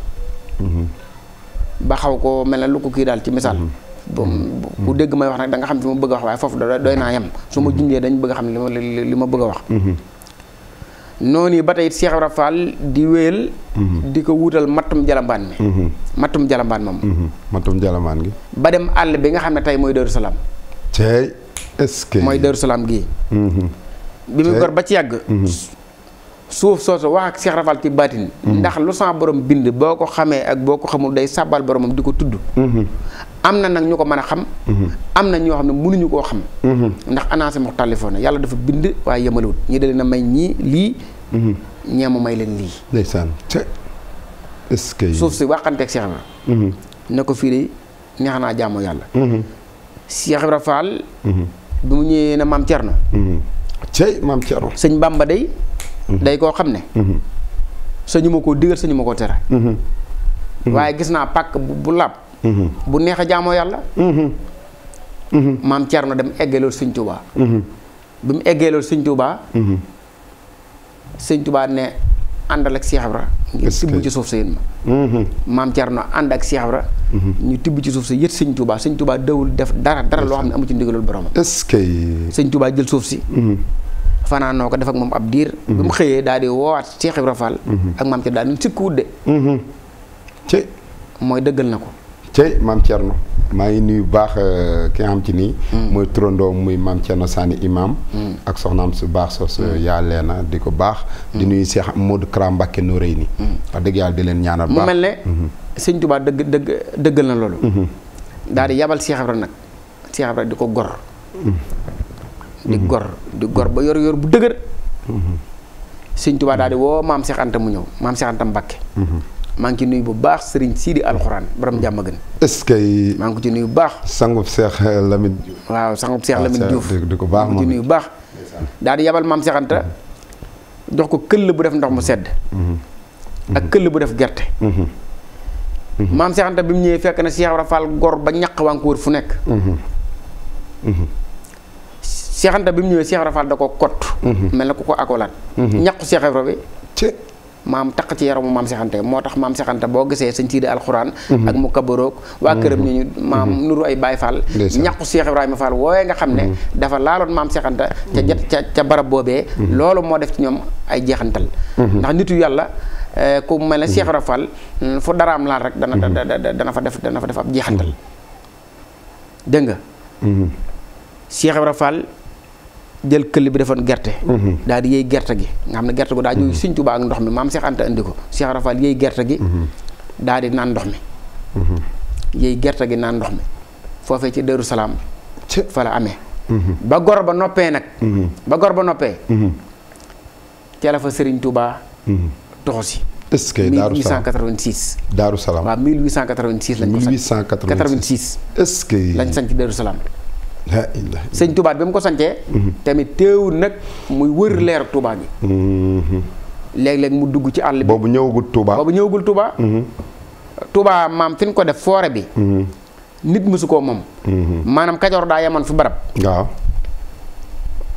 ba xaw ko mel na lu ko kii daal ci misaal. bu dégg may wax nag da nga xam fi mu bëgg wax waaye foofu doy naa yem su ma junjee dañ bëgg xam li ma li ma bëgg a wax mhm. noonu yi ba tey Cheikh Rafal di wéyal mhm. di ko wuutal mattum jalambaan mi mhm. matum jalambaan moom matum jalambaan gi ba dem àll bi nga xam ne tey mooy Darou Salaam tey est-ce que mooy Darou Salaam gii bi mu gor ba ci yàgg suuf soosu wax ak Cheikh Rafal ci baatin ndax lu sa borom bind boo ko xamee ak boo ko xamul day sàbbal boromam di ko tudd amna nak ñuko mëna xam mhm. amna na ñoo xam ne mënuñu koo xam mhm. ndax annoncé mox téléphone yalla dafa bind way yemalewut ñi dalee na may ñi li mhm. ñeema may leen li lii ce est-ce que sauf ci waxante ak Cheikh na nako fi fii de neex naa jaamu yàlla Cheikh rafal bu mu ñëwé na mam tierno ce mam tierno señ Bamba day day ko xamne señu mako digël señu mako téra waye gis na pak bu lab bu neex a jaamoo yàlla. maam Thierno dem eggee loolu Sëñ Tuubaa. bi mu eggee loolu Sëñ Tuubaa. ne àndal ak Cheikh ra ngir tibb ci suuf sa yéen mhm. ànd ak Cheikh Ibra. Mhm. ñu tibb ci suuf si yët Sëñ Tuubaa Sëñ tubaa dawul def dara dara loo xam ne amu ci ndigalul boromam. est-ce jël suuf si. Mhm. fanaanoo ko def ak moom ab diir. bi mu xëyee daal di woowaat Cheikh Ibra Fall. ak maam Thierno daal di sikku wut de. mooy dëggal na ko. cey maam Thierno maa ngi nuyu baax euh, ki nga xam ci nii. Mm. muy turandoo muy maam Thierno Sani imam mm. ak soxnaam su baax soosu mm. yaa na di ko baax. di nuyu Cheikh Modou Kara Mbacké Norey nii. wax dëgg yàlla di leen ñaanal baax mu mel ne. Mm-hmm. sëñ Tuubaa dëgg dëgg dëggal na loolu. Mm-hmm. daal di yabal Cheikh Ibra nag Cheikh Ibra di ko gor. Mm-hmm. di gor di gor ba yor yor bu dëgër. sëñ Tuubaa daal di woo maam Cheikh mu ñëw maam Cheikh Anta maa ci nuyu bu baax serigne Sidi alcorane borom jàmm gën. est-ce que. maa ko ci nuyu baax. sangou cheikh Lamine Diouf. waaw sangou cheikh Lamine Diouf di ko baax moom ci nuyu baax. daal di yabal maam seexanta dox ko keul bu def ndox mu sedd. Mm-hmm. Mm-hmm. ak keul bu def gerte. mam mm-hmm. seexanta bi mu ñëwee fekk na Cheikh rafal gor ba ñaq waa ko wër fu nekk. seexanta bi mu ñëwee Cheikh rafal da ko kott. mel ko ko akolat ñak Cheikh rafal maam taq ci yaramu maam sexante moo tax maam sexante boo gisee sañ siidi alxuraan mhm. ak mu kabaroog waa mhm. këram ñu ñu maam mhm. nuru ay baay fall ñaqu Cheikh Ibrahima Fall woowee nga xam ne dafa laaloon maam sexanta ca jot ca ca barab boobee loolu moo def ci ñoom ay jeexantal ndax nitu yàlla eh, ku mel ne Cheikh Ibrahima Fall mm, fu daraam laal rek dana dana fa def dana fa def ab jeexantal dégg nga Cheikh jël këll bi defoon gerte mhm. daal di yëy gerte gi nga xam ne gerte gu daa jóge mhm. Sëñ Tuubaa ak ndox mi maam Cheikh Anta indi ko Cheikh Rafal yëy gerte gi mhm. daal di naan ndox mi yëy gerte gi naan ndox mi foofee ci Daaru Salaam fa la amee ba gor ba noppee nag ba gor ba noppee ca la fa Sëriñ Tuubaa toxu si est-ce que Daaru Salaam 1886. Daaru lañ ko sant Salaam sëñ Touba bi mu ko sancee mhm. tamit teewul nag muy wër leeru tubaa bi mhm. léeg-léeg mu dugg ci àll bi boobu ñëwagul Touba boobu ñëwagul Touba mhm. maam fi ko def foore bi nit mësu koo moom maanaam Kajoor daa yemoon fi barab waaw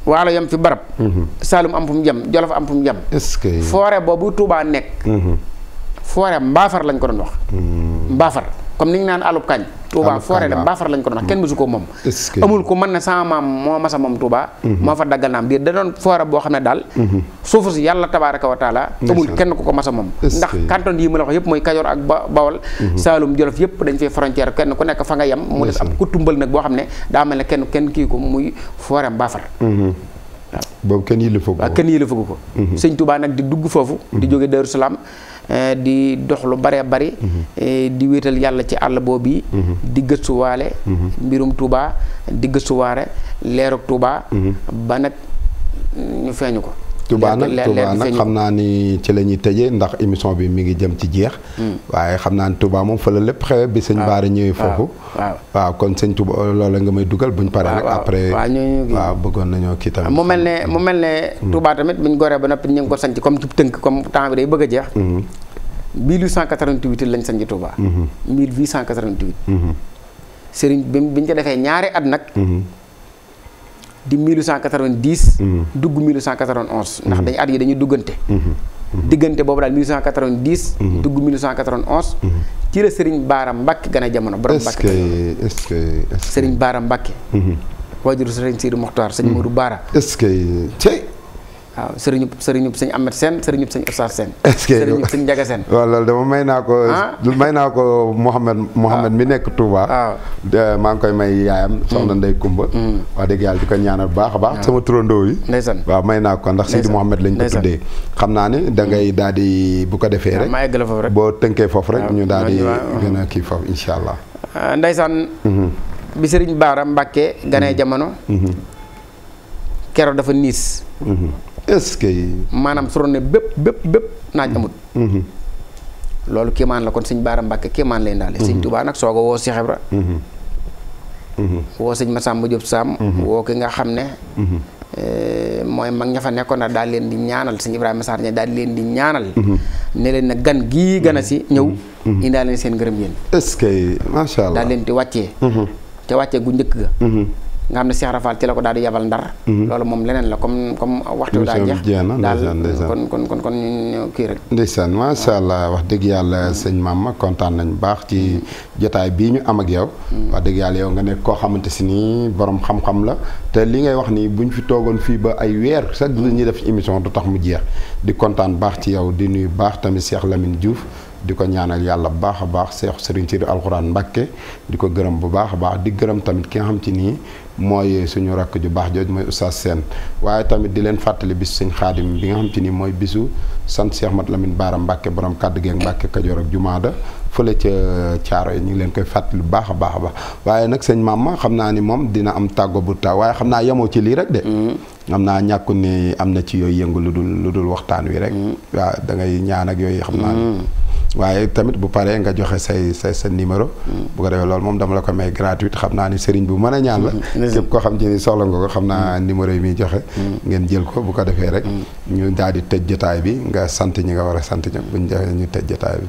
waalo yam fi barab Saalum am fu mu jëm Jolof am fu mu que foore boobu Touba nekk foore mbaafar lañ ko doon wax mbaafar comme ni ñu naan alub kañ Touba foore dem baafara lañ ko doon wax kenn mësu ko moom amul ku mën ne sama moo masa moom Touba mhm. moo fa daggal naam biir da doon foore boo xam ne daal mhm. suufu si yàlla tabaaraka wa taala amul kenn ku ko masa moom ndax canton yi ma la wax yëpp mooy Kajoor ak Bawol mhm. Saalum Jolof yëpp dañ fay frontière kenn ku nekk fa nga yem mu des ab ku tumbal nag boo xam ne daa mel ne kenn kenn kii ko muy foore baafara waaw boobu kenn yëlifagu ko waaw kenn yëlifagu ko sëñ Touba nag di dugg foofu di jóge Daaru Eh, di dox lu baree bari mhm. eh, di wéetal yàlla ci àll boobu yi mhm. di gëstuwaale mhm. mbirum Touba di gëstuwaare leerug Touba ba nag mm, ñu feeñu ko Touba nag Touba nag xam naa ni ci la ñuy tëjee ndax émission bi mi ngi jëm ci jeex. Hmm. waaye xam naa ni Touba moom fa la lépp xewe bi sëñ Baara ñëwee foofu. waaw kon sëñ Touba loolu nga may dugal buñ paree rek après waaw bëggoon nañoo kii tamit. mu mel ne mu mel ne. Hmm. Touba tamit buñ goree ba noppi ñu ngi ko sanc comme tënk comme temps day bëgg a jeex. 1888 hmm. lañ sanc Touba. 1888. sëriñ bi biñ ko defee ñaari at nag. di 1890. Mm. dugg 1891. ndax mm. dañu at yi dañu duggante. Mm-hmm. Mm-hmm. diggante boobu daal 1890. Mm-hmm. dugg 1891. ci la Serigne Baara Mbacke gën a jamono borom Mbacke. est ce que est ce que Serigne Baara Mbacke. waajur Serigne Sidi Mokhtar Serigne Modou Baara. est ce que waaw sëriñu sëriñu sëñ Ahmed seen sëriñu sëñ Oustaz Sène. est-ce que sëriñu sëñ Ndiaga Sène. waaw dama may naa ko. Ah? may naa ko Mouhamed Mouhamed ah. mi nekk Touba. Ah. maa ngi koy may yaayam. soxna mm. Ndeye Kumba. Mm. wax dëgg yàlla di ko ñaanal bu baax baax. sama turandoo yi. ndeysaan waaw may naa ko ndax Sidi Mouhamed lañ ko tuddee. xam naa ne da ngay mm. daal di bu ko defee rek. maa eggale foofu rek boo tënkee foofu rek. ñu daal di gën a kii foofu incha allah. ndeysaan. Mm-hmm. bi sëriñ Baara Mbacke ganee mm-hmm. jamono. Mm-hmm. keroog dafa niis. est-ce que. maanaam su doon ne bépp bépp bépp naaj amut. Mm-hmm. loolu kéemaan la kon sëñ Baara Mbàkke kéemaan lay ndaale. sëñ mm-hmm. Tuubaa nag soog a woo Cheikh Ibra. Mm-hmm. woo sëñ Massamba Diop Sam. woo ki nga xam ne. Eh, mooy mag ña fa nekkoon na daal leen di ñaanal sëñ Ibrahima Sarr ña daal leen di ñaanal. ne leen nag gan gii gën a si ñëw. indaale leen seen ngërëm yéen. est que macha allah daal leen di wàccee. ca wàccee gu njëkk ga. nga xamne Cheikh Rafal ci lako ko yabal ndar mhm. loolu mom leneen la comme comme waxtu da jeex kon kon kon kon ñu kii rek ma sha allah wax deug yalla seigne mamma contane nañ bax ci jotaay bi ñu am ak yow mhm. wa deug yalla yow nga nek ko xamanteni si borom xam-xam la te li ngay wax ni buñ fi togon fi ba ay wër sax jour ñuy def émission du tax mu jeex di contane bax ci yow di nuy bax tamit Cheikh Lamine Diouf diko ñaanal yalla bu baax baax Cheikh Serigne Sidi alcorane mbacke diko ko gërëm bu baax baax di gërëm tamit ki xam ci ni mooy suñu rakk ju baax jooju mooy Oustaz seen waaye tamit di leen fàttali bis sëñ xaadim bi nga xam ci ni mooy bisu sant Cheikh Mat Lamine Baara Mbàkke borom kàddu geeg Mbàkke Kajoor ak Jumaada fële ca caaro yi ñu ngi leen koy fàttali bu baax a baax a baax waaye nag sëñ maam ma xam naa ni moom dina am tàggo bu ta waaye xam naa yemoo ci lii rek de mm. xam naa ñàkku ni am na ci yooyu yëngu lu dul lu dul waxtaan wi rek mm. waaw da ngay ñaan ak yooyu xam naa mm. waaye tamit bu paree nga joxe say say sa numéro. Mm. bu ko defee loolu moom dama la ko may gratuite xam naa ni sëriñ bu mën a ñaan la. Mm-hmm. képp koo xam ci ni soxla nga ko xam naa mm-hmm. numéro yi muy joxe. Mm. ngeen jël ko bu ko defee rek. Mm. ñu daal di tëj jotaay bi nga sant ñi nga war a sant ñoom bu ñu joxee ñu tëj jotaay bi.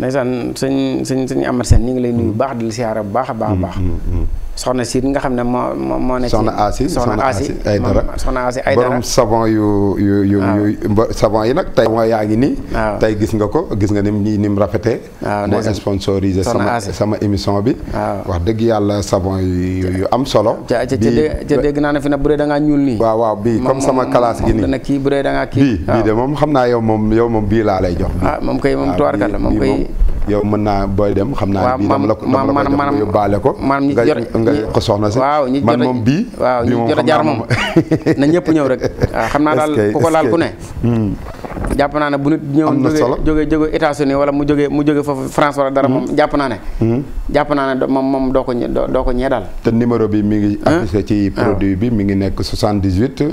ndeysaan sëñ sëñ sëñ Amath Sène ñu ngi lay nuyu bu baax di la siyaara bu baax a baax a baax. Mm-hmm. soxna si nga xam ne moo moo ne. soxna Asi soxna Asi soxna Asi ay dara borom savon yu yu yu yu savon yi nag tey. savon yaa ngi nii. tey gis nga ko gis nga ni mu ni mu rafetee. waaw moo sponsorisé sama sama émission bi. wax dëgg yàlla savon yu am solo. ca ca ca dégg naa ne fi na bu dee da ngaa ñuul waaw waaw bii comme sama classe gi nii kii bu dee kii. bii de moom xam naa yow moom yow moom bii laa lay jox. ah moom kay moom ah, tuwaarkat la moom kay. yow mën naa booy dem xam naa bii dama la ko dama la ko yóbbaale ko maanaam ñi jot nga ko soxna si waaw ñi man moom bii waaw ñi jot a jaar moom na ñëpp ñëw rek waaw ah, xam naa daal ku ko laal ku ne hmm. jàpp naa ne bu nit ñëwoon jógee jógee États-Unis wala mu jógee mu jógee foofu France wala dara hmm. moom jàpp naa ne hmm. jàpp naa ne moom moom doo ko doo ko ñee daal te numéro bi mi ngi affiché ci ah. produit bi mi ngi nekk 78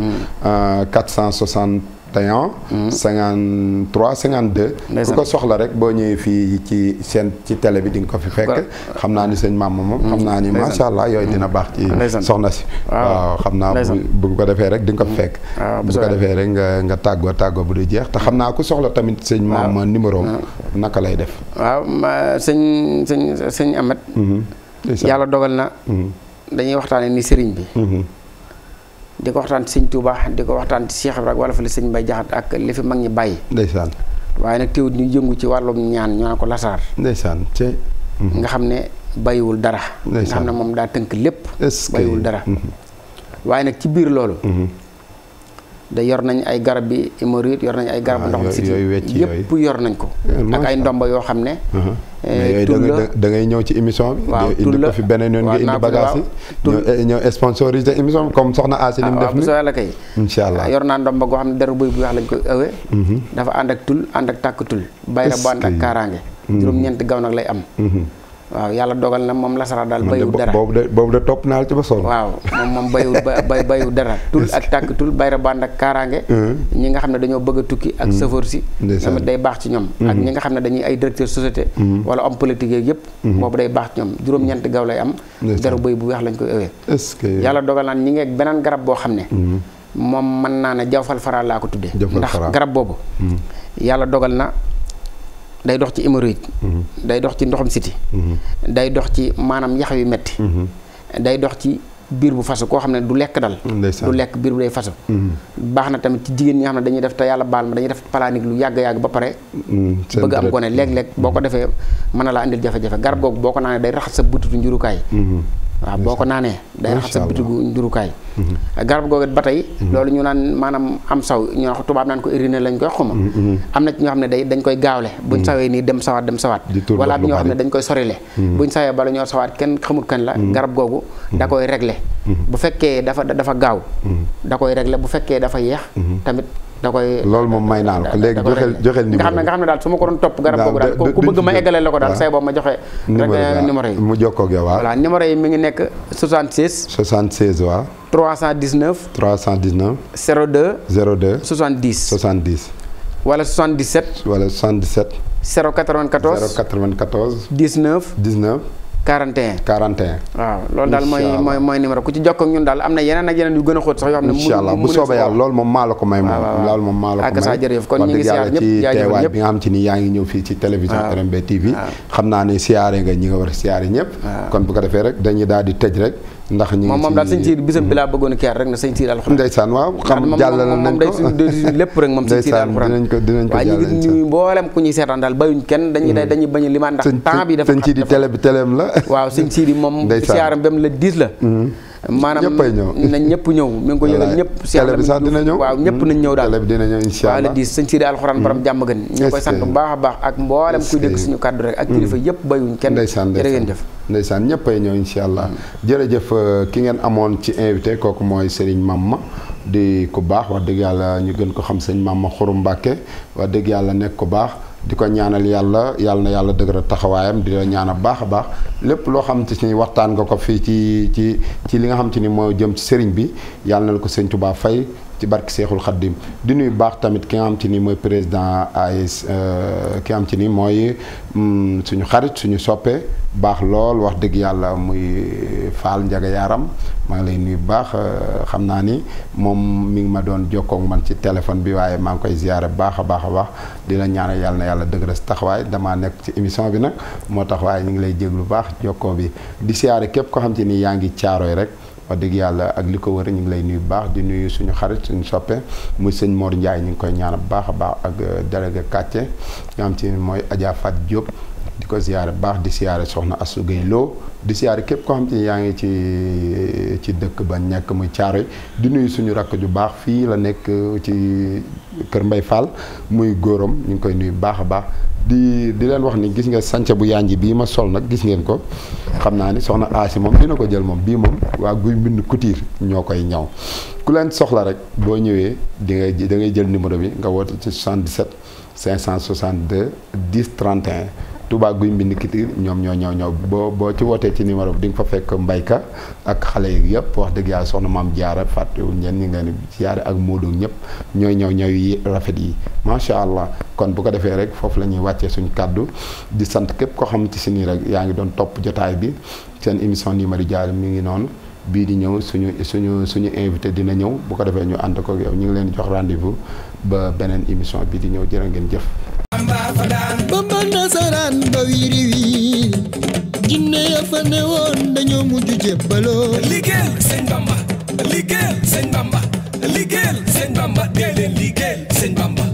460 euh, tayan 53 52 ku ko soxla rek bo ñëwé fi ci sen ci télé bi di ko fi fekk xamna ni seigne mam mom xamna hmm. ni ma sha Allah yoy dina bax ci soxna si waaw xamna bu ko défé rek di ko hmm. fekk bu ko défé rek nga nga taggo taggo bu di jeex ta xamna ku soxla tamit seigne mam numéro naka lay def waaw seigne seigne seigne amat yalla dogal na mm-hmm. dañuy waxtane ni serigne bi mm-hmm. di ko waxtaan ci sëñ Touba di ko waxtaan ci Cheikh Ibrahima wala fa la sëñ Mbay Jaxate ak li fi mag ñi bàyyi. ndeysaan waaye nag teewut ñu yëngu ci wàllum ñaan ñu naan ko lasaar. ndeysaan te. Mhm. nga xam ne bàyyiwul dara. nga xam ne moom daa tënk lépp. bàyyiwul dara. Mhm. waaye nag ci biir loolu. Mhm. da yor nañ ay garab bi hémorroïde yor nañ ay garab ah, ndox si yëpp yor nañ ko eh, ak ay ndomba yoo xam ne uh-huh. eh, tull la da ngay ñëw ci émission waaw indi ko fi beneen yoon nga indi bagage yi ñëw eh, sponsorisé émission comme soxna Asi lim ah, def ni waaw la kay incha ah, yor naa ndomba goo xam ne dara buy bu wax lañ koy ëwee mm-hmm. dafa ànd ak tul ànd ak tàkk tul bayra bu ànd ak kaaraange mm-hmm. juróom-ñeent gaw nag lay am mm-hmm. waaw yàlla dogal na moom lasara daal bayiwul dara boobu de boobu topp naa la ci ba sonn waaw moom moom bayiwul bay bayiwul dara tul ak tàkk tul bayra band ak kaaraange ñi nga xam ne dañoo bëgg a tukki ak hmm. chauffeur si tamit day baax ci ñoom hmm. ñi nga xam ne dañuy ay directeur société hmm. wala homme politique yeeg yëpp boobu day baax ci ñoom juróom-ñeenti gaw lay am deru bay bu weex lañ koy ëwee yàlla dogal naa ñi ngi beneen garab boo xam ne moom mën naa ne jawfal fara laa ko tuddee ndax garab boobu yàlla dogal na day dox ci hémorroïde mhm. day dox ci ndoxum siti mhm. day dox ci maanaam yax yu metti mhm. day dox ci biir bu fasu koo xam ne du lekk dal du lekk biir bu day fasu baax na tamit ci jigéen ñi xam ne dañuy def te yàlla baal ma dañu def palanique lu yàgg-yàgg ba pare mm, bëgg am gone léeg-léeg boo ko defee mën na laa indil jafe-jafe garab googu boo ko naanee day raxas sa butitu njurukaay waa boo ko naanee day raxas sa bitigu njurukaay mhm. garab googu ba tey mhm. loolu ñu naan maanaam am saw ñu wax naan ko urine lañ koy xuma mhm, am na ci ñoo xam ne day dañ koy gaawle buñ sawee nii dem sawaat dem sawaat wala am ñoo xam ne dañ koy sorile buñ sawee bala ñoo sawaat kenn xamut kañ la garab googu da koy régler bu fekkee dafa dafa gaaw da koy regle bu fekkee dafa yeex tamit da koy loolu moom may naa la ko léegi joxel joxel numéro nga xam ne nga xam ne daal su ma ko doon topp garab googu daal ku bëgg ma eggaleel la ko daal say boobu ma joxe rek numéro yi mu jokkoo ak yow waaw voilà numéro yi mi ngi nekk 76 76 waaw 319 319 02 02 70 70 wala 77 wala 77 094 094 19 19 41 41 waaw loolu daal mooy mooy mooy numéro ku ci jokk ñun daal am na yeneen ak yeneen yu gën a xóot sax yoo xam ne incha allah bu soobee yàlla loolu moom maa la ko may moom loolu moom maa ko may ak xam ci ni yaa ngi ñëw fii ci télévision RMB TV xam naa ne siyaare nga ñi nga siyaare ñëpp kon bu defee rek dañuy daal di tëj rek ndax ñu ngi moom moom daal sëñ Siidi bisam bi laa bëggoon keer rek na sëñ Siidi alxuraan ndeysaan waaw xam jàllale nañ ko lépp rek moom sëñ Siidi alxuraan dinañ ko dinañ ngi ñu mboolem ku ñuy seetaan daal bayuñ kenn dañuy mm-hmm. dañuy bañ a limaan ndax temps bi dafa sëñ Siidi télé bi téléem la waaw sëñ Siidi moom siyaaram bam la diis la mm-hmm. maanaam na ñëpp ñëw mi ngi ko yëgal ñëpp télé bi sax dina ñëw waaw ñëpp hmm. nañ ñëw daal télé bi dina ñëw inshallah di sëñ Sidi alxuraan borom hmm. jàmm gën ñu koy sant bu baax a baax ak mboolem kuy dégg suñu kàddu rek ak hmm. kilifa yëpp bayuñ kenn ndeysaan jërëngeen jëf ndeysaan ñëppay ñëw inshallah jërëjëf euh, ki ngeen amoon ci invité kooku mooy Serigne Mamma di ku baax wax dëgg yàlla ñu gën ko xam maam ma Xurum Mbàkke wax dëgg yàlla nekk ku baax di ko ñaanal yàlla yàlla na yàlla dëgëral taxawaayam di la ñaanal baax a baax lépp loo xam te ni waxtaan nga ko fii ci ci ci li nga xam te ni moo jëm ci sëriñ bi yàlla na la ko sëñ Tuubaa fay ci barke Seexul Xaddim di nuyu baax tamit ki nga ci ni mooy président AS euh, ki nga ni mooy mm, suñu xarit suñu soppee baax lool wax dëgg yàlla muy faal njaga yaaram maa ngi lay nuyu baax euh, xam naa ni moom mi ngi ma doon jokkoog man ci téléphone bi waaye maa ngi koy ziyaare baax a baax a baax di la ñaanal yàlla na yàlla dëgëral sa taxawaay damaa nekk ci émission bi nag moo tax waaye ñu ngi lay jéglu baax jokkoo bi di siyaare képp ko xam ci ni yaa ngi caarooy rek wax dégg yàlla ak li ko wër ñu ngi lay nuyu baax di nuyu suñu xarit suñu soppee muy sëñ Mor Ndiaye ñu ngi koy ñaanal baax a baax ak euh, délégué quartier nga xam mooy Adja faat Diop ko ziyaare bax di siyaare soxna Assou Gueye Lo di siyaare kep ko xamni te yaa ci ci dëkk ba nekk mu caaroy di nuyu suñu rak ju bax fi la nek ci kër Mbay Fall muy gorom ñu koy nuyu bax a di di len wax ni gis nga sànce bu yaangi bi ma sol nak gis ngeen ko xamna ni soxna aasi mom dina ko jël mom bi mom wa guy mbind couture ñoo ñaw ku len soxla rek bo ñëwee di ngay da ngay jël numéro bi nga wote ci 77 562 10 31 Touba guy mbind kiti ñoom ñoo ñëw ñëw bo bo ci wootee ci numéro bi di nga fa fekk mbayka ak xale yi yëpp wax dëgg yàlla soxna maam jaara fàttewuñ ñen ñi ngeen siyaare ak móodoo nyep ñooy ñëw ñëw yi rafet yi sha allah kon bu ko defee rek foofu la ñuy wàccee suñu di sant kep ko xam ci si nii rek yaa ngi doon topp jotaay bi seen émission mari jaar mi ngi non bi di ñëw suñu suñu suñu invité dina ñëw bu ko defee ñu ànd ko yow ñu ngi leen jox rendez-vous ba beneen émission bi di ñëw jërë ngeen jëf bamba nasaraan ba wiiri wiiri jinne ya fa ne woon dañoo mujj jébbaloo